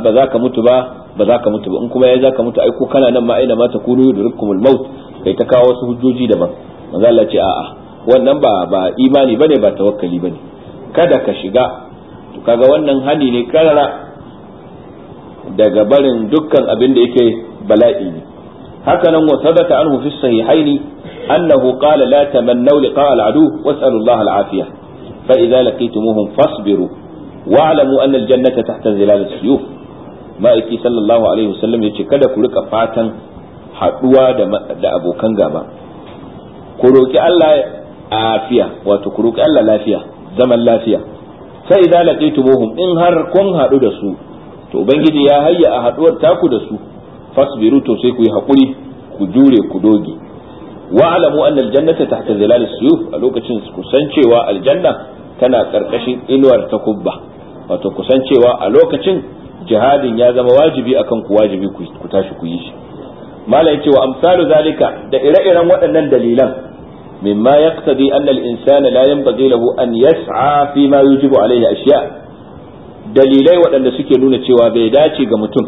ba za ka mutu ba ba za ka mutu ba in kuma ya za ka mutu aiko kana nan ma aina ma ta kunu yudrikumul maut kai ta kawo wasu hujjoji daban manzo Allah ce a'a wannan ba ba imani bane ba tawakkali bane kada ka shiga to kaga wannan hani ne karara daga barin dukkan abin da yake bala'i ne haka nan wa sabata anhu fi sahihaini annahu qala la tamannaw liqa al-adu was'alu Allah al-afiya fa idza laqitumuhum fasbiru wa'lamu anna al-jannata tahta zilal as-suyuf sallallahu alaihi wasallam yace kada ku rika fatan haduwa da da abokan gaba ku roki Allah afiya wato ku roki Allah lafiya zaman lafiya fa idza laqitumuhum in har kun hadu da su to ubangiji ya hayya a haduwar taku da su fasbiru to sai ku yi hakuri ku jure ku doge wa alamu anna aljannata tahta zilal suyuf a lokacin ku san cewa aljanna tana karkashin inuwar takubba wato ku san cewa a lokacin jihadin ya zama wajibi akan ku wajibi ku tashi ku yi shi mala yace wa amsalu zalika da ire-iren waɗannan dalilan مما يقتضي أن الإنسان لا ينبغي له أن يسعى فيما يجب عليه أشياء dalilai waɗanda suke nuna cewa bai dace ga mutum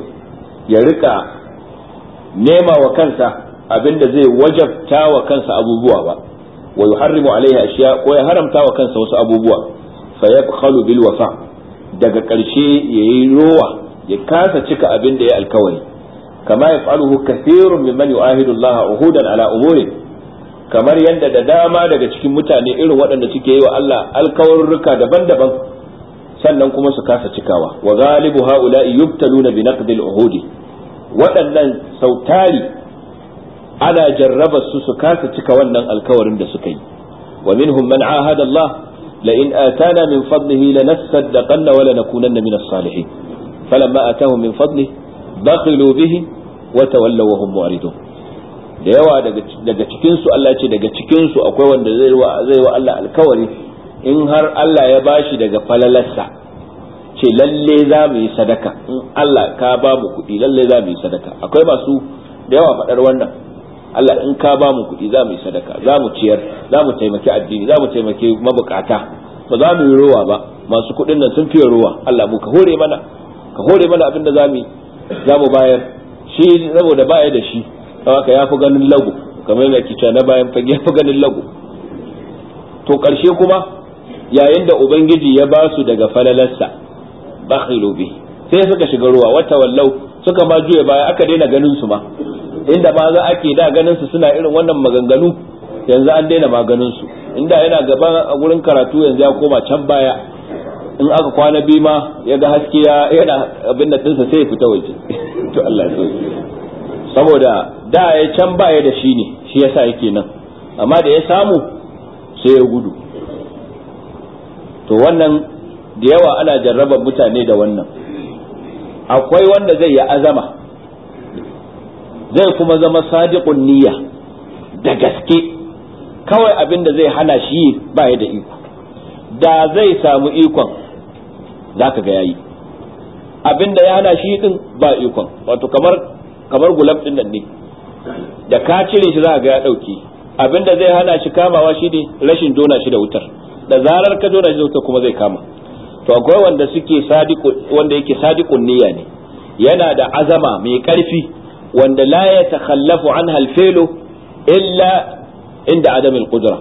ya rika nema wa kansa abinda zai wajabta wa kansa abubuwa ba wa yuharrimu alaihi ashiya ko ya haramta wa kansa wasu abubuwa fa yabkhalu bil wafa daga ƙarshe yayi rowa ya kasa cika abin da ya alkawari kama yaf'aluhu kathirun mimman yu'ahidu Allah uhudan ala umurin kamar yadda da dama daga cikin mutane irin waɗanda suke yi wa Allah alkawarruka daban-daban sannan kuma su kasa cikawa wa galibu haula'i yubtaluna bi naqdil uhudi waɗannan sautari ana jarraba su su kasa cika wannan alkawarin da suka yi wa minhum man ahada Allah la in atana min fadlihi lanasaddaqanna wa lanakunanna min as-salihin falamma atahum min fadlihi bakhilu bihi wa tawallaw wa hum mu'ridun da yawa daga cikinsu Allah ce daga cikinsu akwai wanda zai wa Allah alkawari in har Allah ya bashi daga falalarsa ce lalle za mu yi sadaka in Allah ka ba mu kuɗi lalle za mu yi sadaka akwai masu da yawa faɗar wannan Allah in ka ba mu kuɗi za mu yi sadaka za mu ciyar za mu taimaki addini za mu taimaki mabukata ba za mu yi rowa ba masu kuɗin nan sun fiye rowa Allah mu ka hore mana ka hore mana abin da za mu za mu bayar shi saboda baya da shi haka ya fi ganin lagu kamar yana ake na bayan fage ya fi ganin lagu to karshe kuma yayin da ubangiji ya ba su daga falalarsa bakhilu bi sai suka shiga ruwa wata wallau suka ma juya baya aka daina ganin su ma inda ma za ake da ganin su suna irin wannan maganganu yanzu an daina ma ganin su inda yana gaban a gurin karatu yanzu ya koma can baya in aka kwana bi ma ya ga haske ya yana abin da sai ya fita waje [LAUGHS] to Allah ya saboda da ya can baya da shi ne shi yasa yake nan amma da ya samu sai ya gudu to wannan da yawa ana jarrabar mutane da wannan akwai wanda zai yi azama zai kuma zama sadiqun niyya da gaske kawai abin da zai hana shi baya da iko da zai samu ikon za ka ga yayi abin da ya hana shi din ba ikon wato kamar kamar gulab din nan ne da ka cire shi za ga ya dauke abinda zai hana shi kamawa shi ne, rashin dona shi da wutar da zarar ka dona shi da wutar kuma zai kama to akwai wanda suke wanda yake sadiqun niyya ne yana da azama mai karfi wanda la ya takhallafu anha al illa inda adam al-qudra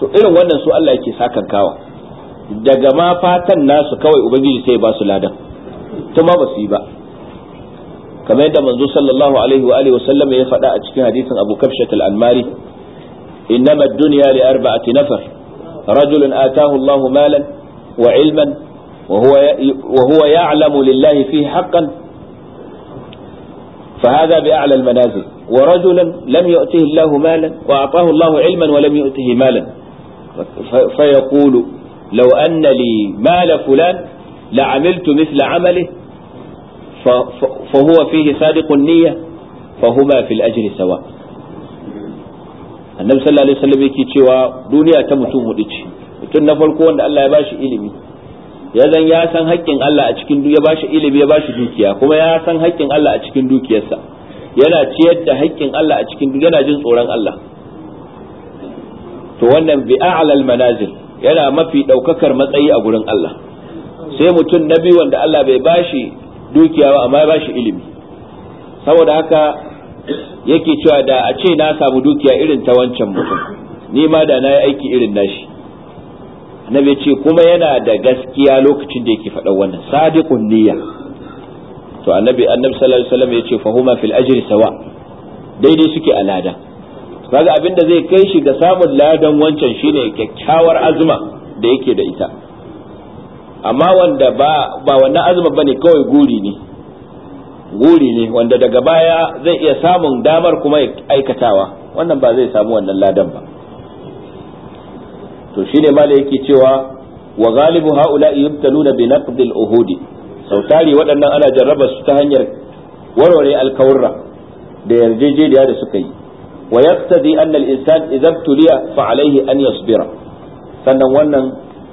to irin wannan su Allah yake sakan kawa daga ma fatan nasu kawai ubangiji sai ba su ladan to ma ba su yi ba kamar yadda manzo sallallahu alaihi wa alihi wasallam ya faɗa a cikin hadisin Abu Kabshat al-Anmari innama ad-dunya li arba'ati nafar rajulun atahu Allahu malan wa ilman wa huwa ya'lamu lillahi fihi haqqan فهذا بأعلى المنازل ورجلا لم يؤته الله مالا وأعطاه الله علما ولم يؤته مالا فيقول لو أن لي مال فلان لعملت مثل عمله fa huwa صادق sadiqun niyya fa الأجر سواء ajri صلى annabi عليه وسلم wasallam yake cewa duniya ta mutum hudu ce mutum na farko wanda Allah ya bashi ilimi ya zan ya san haƙƙin Allah a cikin ya bashi ilimi ya bashi dukiya kuma ya san haƙƙin Allah a cikin dukiyarsa yana ciyar da haƙƙin Allah a cikin yana jin tsoron Allah to wannan bi a'lal manazil yana mafi daukakar matsayi a gurin Allah sai mutum na biyu wanda Allah bai bashi dukiya ba amma ya shi ilimi saboda haka yake cewa da a ce na samu dukiya irin ta wancan mutum ni ma da na yi aiki irin nashi annabi ce kuma yana da gaskiya lokacin da yake faɗa wannan sadiqun niyya to annabi annabi sallallahu alaihi wasallam yace fa huma fil ajri sawa daidai suke a ladan kaga abinda zai kai shi ga samun ladan wancan shine kyakkyawar azuma da yake da ita amma wanda ba ba wannan azumin bane kawai guri ne guri ne wanda daga baya zai iya samun damar kuma aikatawa wannan ba zai samu wannan ladan ba to shine mala yake cewa wa galibu haula yubtaluna bi naqd al uhudi sautari waɗannan ana jarraba su ta hanyar warware alkawurra da yarjejeniya da suka yi wa yaqtadi anna al insan idza fa alayhi an yasbira sannan wannan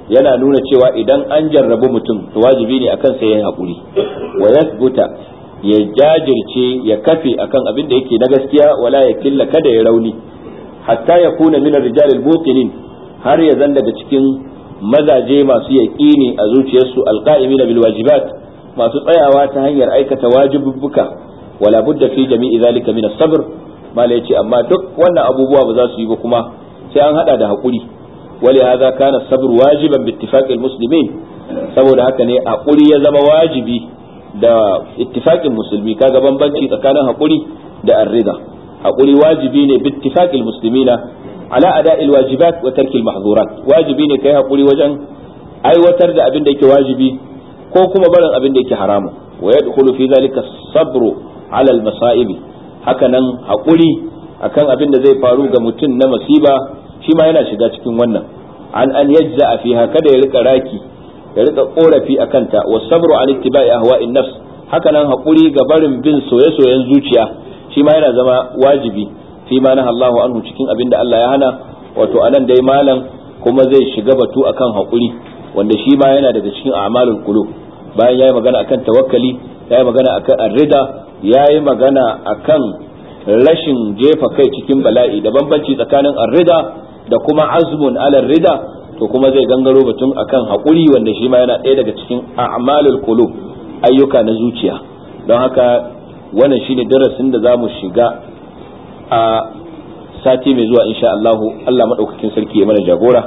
yana nuna cewa idan an jarrabu mutum to wajibi ne akan sai ya haƙuri wa yasbuta ya jajirce ya kafe akan abin da yake na gaskiya wala ya killa kada ya rauni hatta ya kuna min rijal al har ya zan daga cikin mazaje masu yaqini a zuciyarsu alqa'imina bil wajibat masu tsayawa ta hanyar aikata wajibubbuka wala budda fi jami'i zalika min as-sabr yace amma duk wannan abubuwa ba za su yi ba kuma sai an hada da hakuri ولهذا كان الصبر واجبا باتفاق المسلمين saboda haka ne hakuri ya zama wajibi da ittifaqin musulmi kaga bambanci tsakanin hakuri da arrida hakuri wajibi ne bittifaqil muslimina ala ada'il wajibat wa tarkil mahzurat wajibi ne kai hakuri wajen aiwatar da abin da yake wajibi ko kuma barin abin da yake haramu wa yadkhulu fi zalika sabru ala al Haka nan, hakuri akan abin da zai faru ga mutum na masiba shi ma yana shiga cikin wannan an an yajza fiha kada ya rika raki ya rika korafi akan ta wa sabru an ittiba'i ahwa'in nafs haka nan hakuri ga barin bin soye-soyen zuciya shi ma yana zama wajibi fi ma naha Allahu anhu cikin abinda Allah ya hana wato anan dai malam kuma zai shiga batu akan hakuri wanda shi ma yana daga cikin a'malul qulub bayan yayi magana akan tawakkali yayi magana akan arida yayi magana akan rashin jefa kai cikin bala'i da bambanci tsakanin arida da kuma azmun alar rida to kuma zai gangaro batun akan haƙuri wanda shi ma yana ɗaya daga cikin a'malul qulub ayyuka na zuciya don haka wannan shine darasin da zamu shiga a sati mai zuwa insha Allah Allah madaukakin sarki ya mana jagora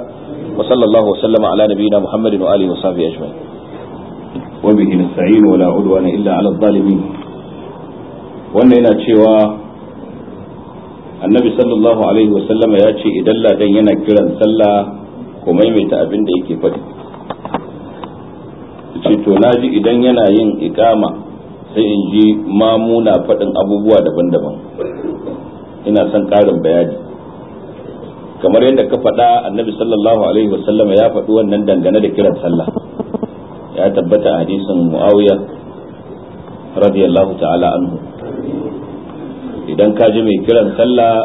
wa sallallahu sallama ala nabiyina Muhammadin wa alihi wa sahbihi ajma'in wa bihi nasta'inu wa la udwana illa ala zalimin wannan yana cewa annabi sallallahu alaihi wasallama ya ce idan ladan yana kiran sallah ko maimaita abin da yake faɗi ce to naji idan yana yin ikama sai in ji mamuna faɗin abubuwa daban-daban ina son ƙarin bayani kamar yadda ka faɗa annabi sallallahu alaihi wasallama ya faɗi wannan dangane da kiran sallah ya tabbata hadisin muawiya radiyallahu ta'ala anhu idan ka ji mai kiran sallah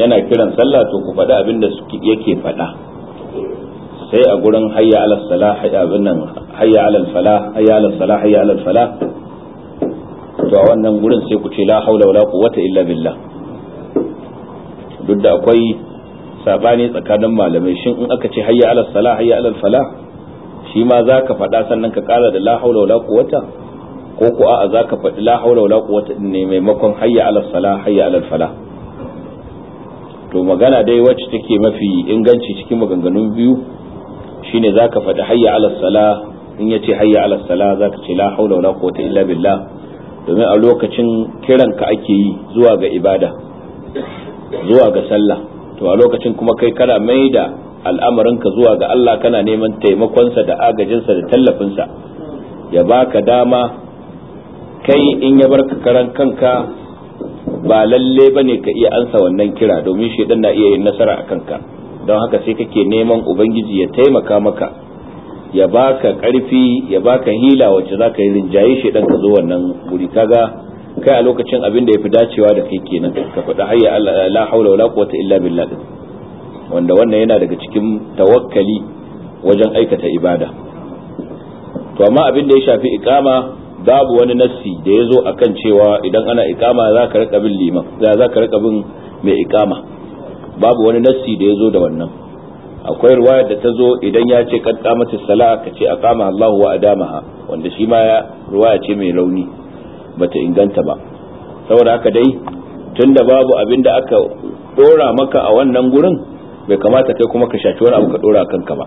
yana kiran sallah to ku faɗi abin da yake faɗa sai a gurin hayya alal sala hayya abin nan hayya alal sala, hayya alal sala. hayya ala falah to a wannan gurin sai ku ce la haula wala quwwata illa billah duk da akwai sabani tsakanin malamai shin in aka ce hayya alal sala, hayya alal sala, shi ma zaka faɗa sannan ka ƙara da la haula wala quwwata ko ko a'a zaka faɗi la haula wala quwwata ne maimakon hayya ala salah hayya ala falah to magana dai wacce take mafi inganci cikin maganganun biyu shine zaka faɗi hayya ala salah in yace hayya ala za zaka ce la haula wala quwwata illa billah domin a lokacin kiranka ake yi zuwa ga ibada zuwa ga sallah to a lokacin kuma kai kana mai da al'amarinka zuwa ga Allah kana neman taimakonsa da agajinsa da tallafinsa ya baka dama kai in ya bar karan kanka ba lalle ba ne ka iya ansa wannan kira domin shaidan na iya yin nasara a kanka don haka sai kake neman ubangiji ya taimaka maka ya baka karfi ya baka hila wacce za ka yi rinjaye shaidan ka zo wannan guri kaga kai a lokacin abin da ya fi dacewa da kai kenan ka faɗi hayya la haula wala quwwata illa billah wanda wannan yana daga cikin tawakkali wajen aikata ibada to amma abin da ya shafi iqama babu wani nassi da ya zo akan cewa idan ana ikama za ka rika bin liman za ka rika bin mai ikama babu wani nassi da ya zo da wannan akwai ruwaya da ta zo idan ya ce kan mata sala ka ce aqama Allahu wa adamaha wanda shi ma ruwaya ce mai launi bata inganta ba saboda haka dai tunda babu abin da aka dora maka a wannan gurin bai kamata kai kuma ka shaci wani abu ka dora kanka ba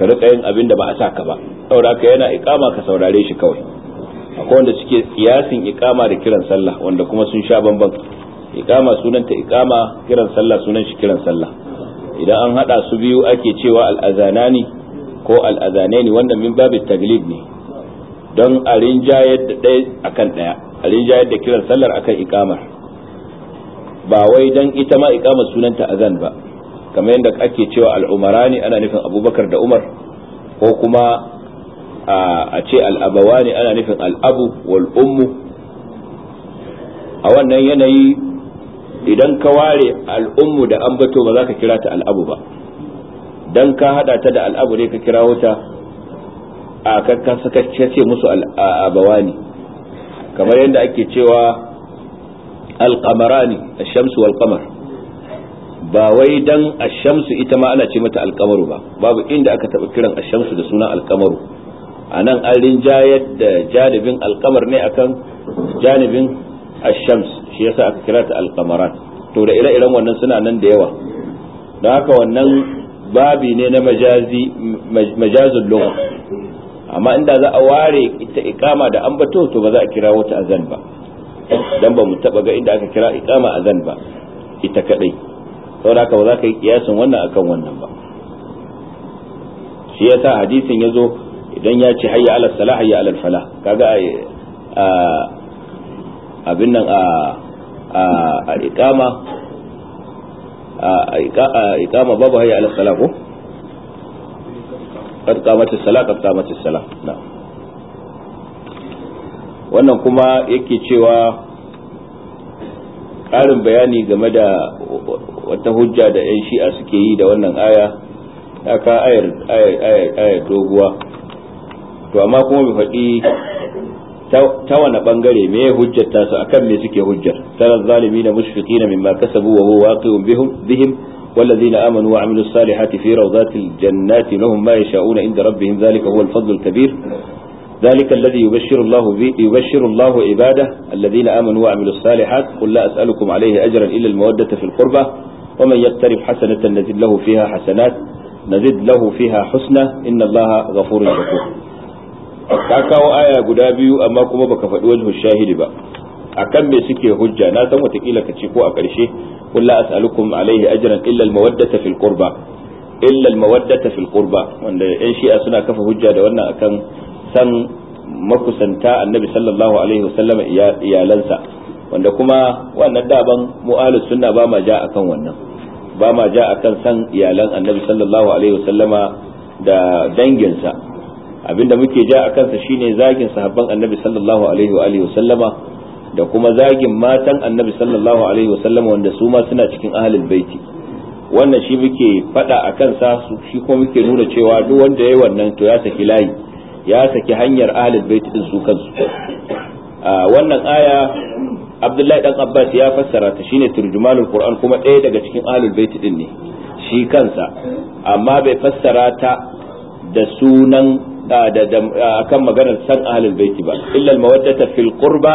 ka rika yin abin da ba a sa ka ba saboda haka yana iƙama ka saurare shi kawai akwai wanda suke kiyasin iƙama da kiran sallah wanda kuma sun sha bamban sunan sunanta iƙama kiran sallah sunan shi kiran sallah idan an hada su biyu ake cewa ne ko ne wannan min babu taglib ne don a rinja da ɗaya akan ɗaya a rinja da kiran sallar akan iƙamar ba wai dan ita ma sunan sunanta azan ba kamar yadda ake cewa al'umarani ana nufin abubakar da umar ko kuma a ce al'abawani ana nufin al'abu wal a wannan yanayi idan ka ware al'ummu da an bato ba za ka kira ta al'abu ba don ka hada ta da al'abu ne ka kira wuta a kankan sakacce ce musu al'abawani kamar yadda ake cewa alƙamarani a shamsu qamar ba wai dan ashamsu ita ma ana ce mata alƙamaru ba babu inda aka taɓa kiran a ashamsu da sunan alƙamaru a nan an rinja da janibin alkamar ne akan janibin ashams shi yasa aka kira ta alkamarat to da ire-iren wannan suna nan da yawa don haka wannan babi ne na majazi majazin lugha amma inda za a ware ita ikama da ambato to ba za a kira wata azan ba dan ba mu taba ga inda aka kira ikama azan ba ita kadai saboda haka ba za ka yi kiyasin wannan akan wannan ba shi yasa hadisin yazo idan ya ce hayya ala salah hayya ala fala kaga a abin nan a a iqama a iqama babu hayya ala salah ko kad qamat as-salah kad qamat as-salah na wannan kuma yake cewa ƙarin bayani game da wata hujja da 'yan shi'a suke yi da wannan aya ayar ka ayar doguwa to amma kuma bai faɗi ta wani bangare me hujjata su akan me suke hujjar tara zalimi na mushfiqi na mimma kasabu wa huwa waqi'un bihum bihim والذين آمنوا وعملوا الصالحات في روضات الجنات لهم ما يشاءون عند ربهم ذلك هو الفضل الكبير ذلك الذي يبشر الله يبشر الله عباده الذين آمنوا وعملوا الصالحات قل لا أسألكم عليه أجرا إلا المودة في القربة ومن يقترف حسنة نزد له فيها حسنات نزد له فيها حسنة إن الله غفور شكور ka kawo aya guda biyu amma kuma baka faɗi wajhu shahidi ba akan me suke hujja na san watakila ka ce ko a ƙarshe qul as'alukum alaihi ajran illa al fil qurba illa al fil qurba wanda yan shi'a suna kafa hujja da wannan akan san makusanta annabi sallallahu alaihi wasallam iyalansa wanda kuma wannan daban mu ahlus sunna ba ma ja akan wannan ba ma ja akan san iyalan annabi sallallahu alaihi wasallama da danginsa Abin da muke ja a kansa shine zagin sahabban annabi sallallahu alaihi wa alihi sallama da kuma zagin matan annabi sallallahu alaihi wa sallama wanda su ma suna cikin ahlul baiti wannan shi muke fada a kansa shi kuma muke nuna cewa duk wanda yayi wannan to ya saki layi ya saki hanyar ahlul baiti din su kansu wannan aya Abdullahi dan Abbas ya fassara ta shine turjumanul Qur'an kuma ɗaya daga cikin ahlul baiti din ne shi kansa amma bai fassara ta da sunan akan maganar san ahlul baiti ba illa al mawaddata fil qurba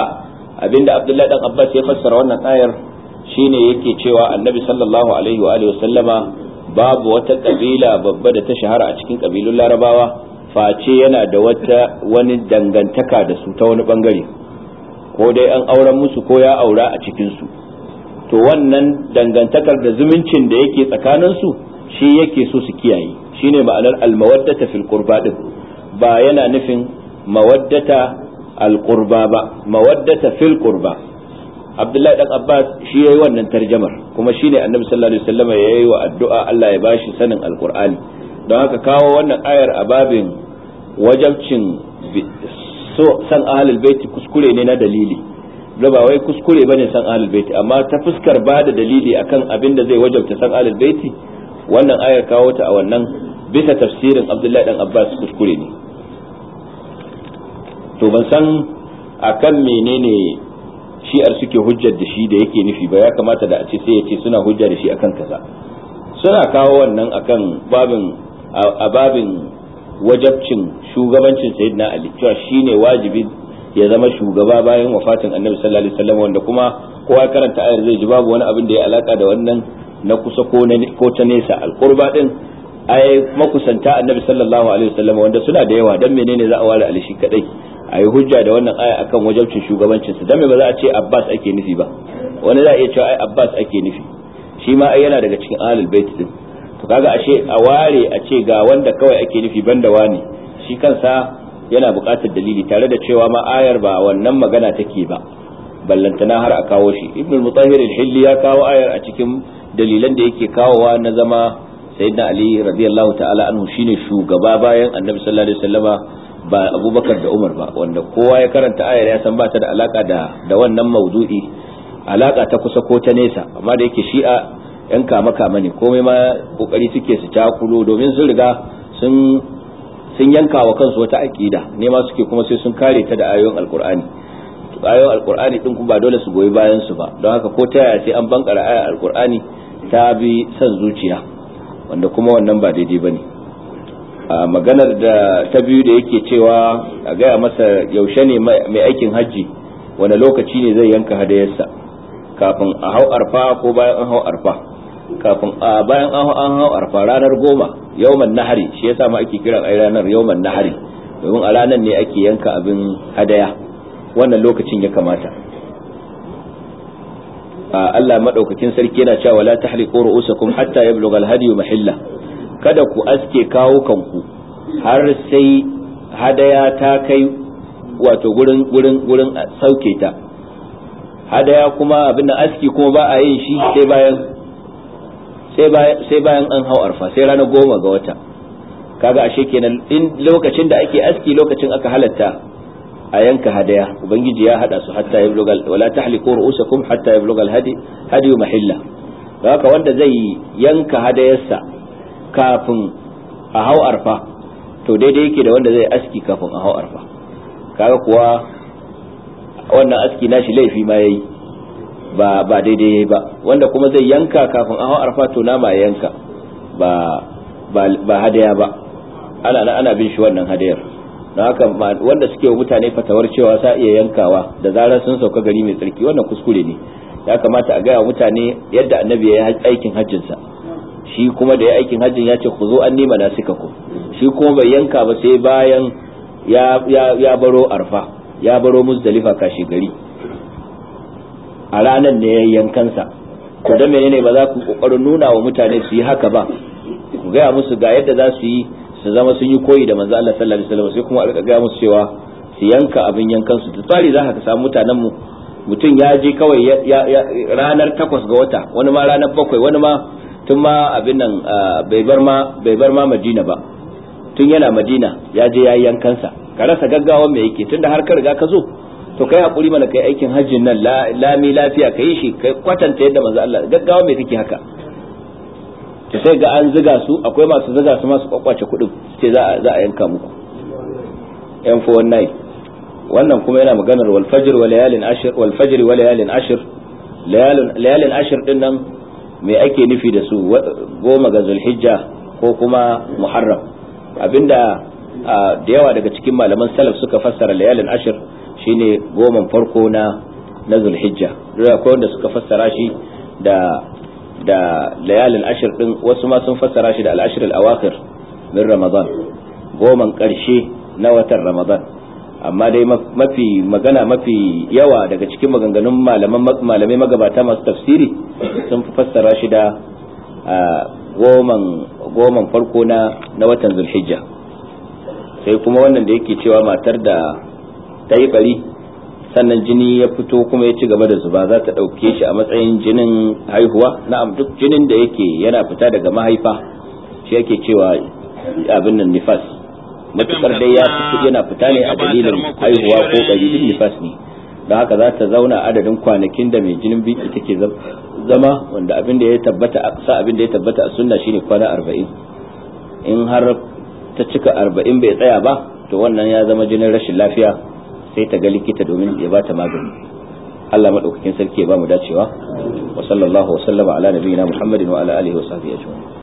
abinda abdullahi dan abbas ya fassara wannan ayar shine yake cewa annabi sallallahu alaihi wa alihi sallama babu wata kabila babba da ta shahara a cikin kabilun larabawa face yana da wata wani dangantaka da su ta wani bangare ko dai an auren musu ko ya aura a cikin su to wannan dangantakar da zumuncin da yake tsakanin su shi yake so su kiyaye shine ma'anar almawaddata fil qurba din ba yana nufin mawaddata alƙurba ba mawaddata fil qurba abdullahi dan abbas shi yayi wannan tarjamar kuma shine annabi sallallahu alaihi wasallam yayi wa addu'a Allah ya bashi sanin alqur'ani don haka kawo wannan ayar a babin wajabcin so san ahlul baiti kuskure ne na dalili ba wai kuskure bane san alul baiti amma ta fuskar ba da dalili akan abin da zai wajabta san alul baiti wannan ayar kawo ta a wannan bisa tafsirin abdullahi dan abbas kuskure ne to ban san akan menene shi'ar suke hujjar da shi da yake nufi ba ya kamata da a ce sai ya ce suna hujja da shi akan kaza suna kawo wannan akan babin a babin wajabcin shugabancin sayyidina ali cewa ne wajibi ya zama shugaba bayan wafatin annabi sallallahu alaihi wasallam wanda kuma kowa karanta ayar zai ji babu wani abin da ya alaka da wannan na kusa ko na ko ta nesa alqurba din ai makusanta annabi sallallahu alaihi wasallam wanda suna da yawa dan menene za a ware ali shi kadai a yi hujja da wannan aya akan wajabcin shugabancin su dan me ba za a ce Abbas ake nufi ba wani za a iya cewa ai Abbas ake nufi shi ma ai yana daga cikin ahlul bait din to kaga ashe a ware a ce ga wanda kawai ake nufi banda wani shi kansa yana buƙatar dalili tare da cewa ma ayar ba wannan magana take ba ballantana har a kawo shi ibnu al-mutahhir al-hilli ya kawo ayar a cikin dalilan da yake kawowa na zama sayyidina ali radiyallahu ta'ala anhu shine shugaba bayan annabi sallallahu alaihi wasallama ba abubakar da umar ba wanda kowa ya karanta ayar ya san ba ta da alaka da da wannan maudu'i alaka ta kusa ko ta nesa amma da yake shi'a yan kama kama ne komai ma kokari suke su takulo domin sun riga sun sun yanka wa kansu wata aqida ne ma suke kuma sai sun kare ta da ayoyin alqur'ani ayoyin alqur'ani din kuma ba dole su goyi bayan su ba don haka ko ta yaya sai an bankara ayar alqur'ani ta bi san zuciya wanda kuma wannan ba daidai bane maganar da ta biyu da yake cewa a gaya masa yaushe ne mai aikin hajji wani lokaci ne zai yanka hadayarsa kafin a hau arfa ko bayan an hau arfa kafin a bayan an hau arfa ranar goma yawman nahari shi yasa ma ake kiran ai ranar yawman nahari domin a ranar ne ake yanka abin hadaya wannan lokacin ya kamata Allah madaukakin sarki yana cewa la tahliqu ru'usakum hatta yablugha al-hadyu mahilla kada ku aske kawo kanku har sai hadaya ta kai wato gurin gurin gurin sauke ta hadaya kuma abinda aski kuma ba a yin shi sai bayan sai bayan an hau arfa sai ranar goma ga wata kaga ashe kenan in lokacin da ake aski lokacin aka halatta a yanka hadaya ubangiji ya hada su hatta yablugha wala tahliqu ru'usakum hatta yablugha al-hadi hadi mahilla haka wanda zai yanka hadayarsa kafin a hau arfa to daidai yake da wanda zai aski kafin a hau arfa kaga kuwa wannan aski nashi laifi ma yayi ba ba daidai yayi ba wanda kuma zai yanka kafin a hau arfa to nama ya yanka ba ba hadaya ba ana ana bin shi wannan hadayar don haka wanda suke wa mutane fatawar cewa sa iya yankawa da zarar sun sauka gari mai tsarki wannan kuskure ne ya kamata a gaya mutane yadda annabi ya yi aikin hajjinsa shi kuma da ya aikin hajjin ya ce ku zo an nima ku shi kuma bai yanka ba sai bayan ya baro arfa ya baro muzdalifa kashi gari a ranar ne ya yankansa to da menene ba za ku kokarin nuna wa mutane su yi haka ba ku gaya musu ga yadda za su yi su zama sun yi koyi da manzo Allah sallallahu alaihi wasallam sai kuma a gaya musu cewa su yanka abin yankan su tsari za ka samu mutanen mu mutum ya je kawai ranar takwas ga wata wani ma ranar bakwai wani ma tun ma abin nan ah, bai bar ma bai bar ma Madina ba tun yana Madina ya je yi yankansa ka rasa gaggawa me yake tunda har ka riga ka zo to kai hakuri mana kai aikin hajjin nan lami lafiya kai shi kai kwatanta yadda manzo Allah gaggawa me kake haka Ki sai ga an ziga su akwai masu ziga su masu kwakwace kudin ce za a za a yanka muku yan wannan kuma yana maganar wal fajr wa layalin ashir. wal fajr wa layalin ashir. layalin layalin ashr din nan me ake nufi da su goma ga zulhijja ko kuma muharram abinda da yawa daga cikin malaman salaf suka fassara layalin ashir shine goman farko na na zulhijja akwai wanda suka fassara shi da da layalin ashir din wasu ma sun fassara shi da al'ashir al'awakhir min ramadan goman karshe na watan ramadan amma dai mafi magana mafi yawa daga cikin maganganun malamai magabata masu tafsiri sun fassara shi da goman farko na watan zulhijja sai kuma wannan da yake cewa matar da ta yi bari sannan jini ya fito kuma ya ci gaba da zuba za ta ɗauke shi a matsayin jinin haihuwa na'am duk jinin da yake yana fita daga mahaifa shi yake cewa abin nan nifas matukar dai ya fito yana fita ne a dalilin haihuwa ko dalilin nifas ne don haka za ta zauna adadin kwanakin da mai jinin biki take zama wanda abin da ya tabbata a sa abin da ya tabbata a sunna shine kwana arba'in in har ta cika arba'in bai tsaya ba to wannan ya zama jinin rashin lafiya sai ta ga likita domin ya bata magani Allah maɗaukakin sarki ya ba mu dacewa wa sallallahu ala nabiyina Muhammadin wa ala alihi wa sahbihi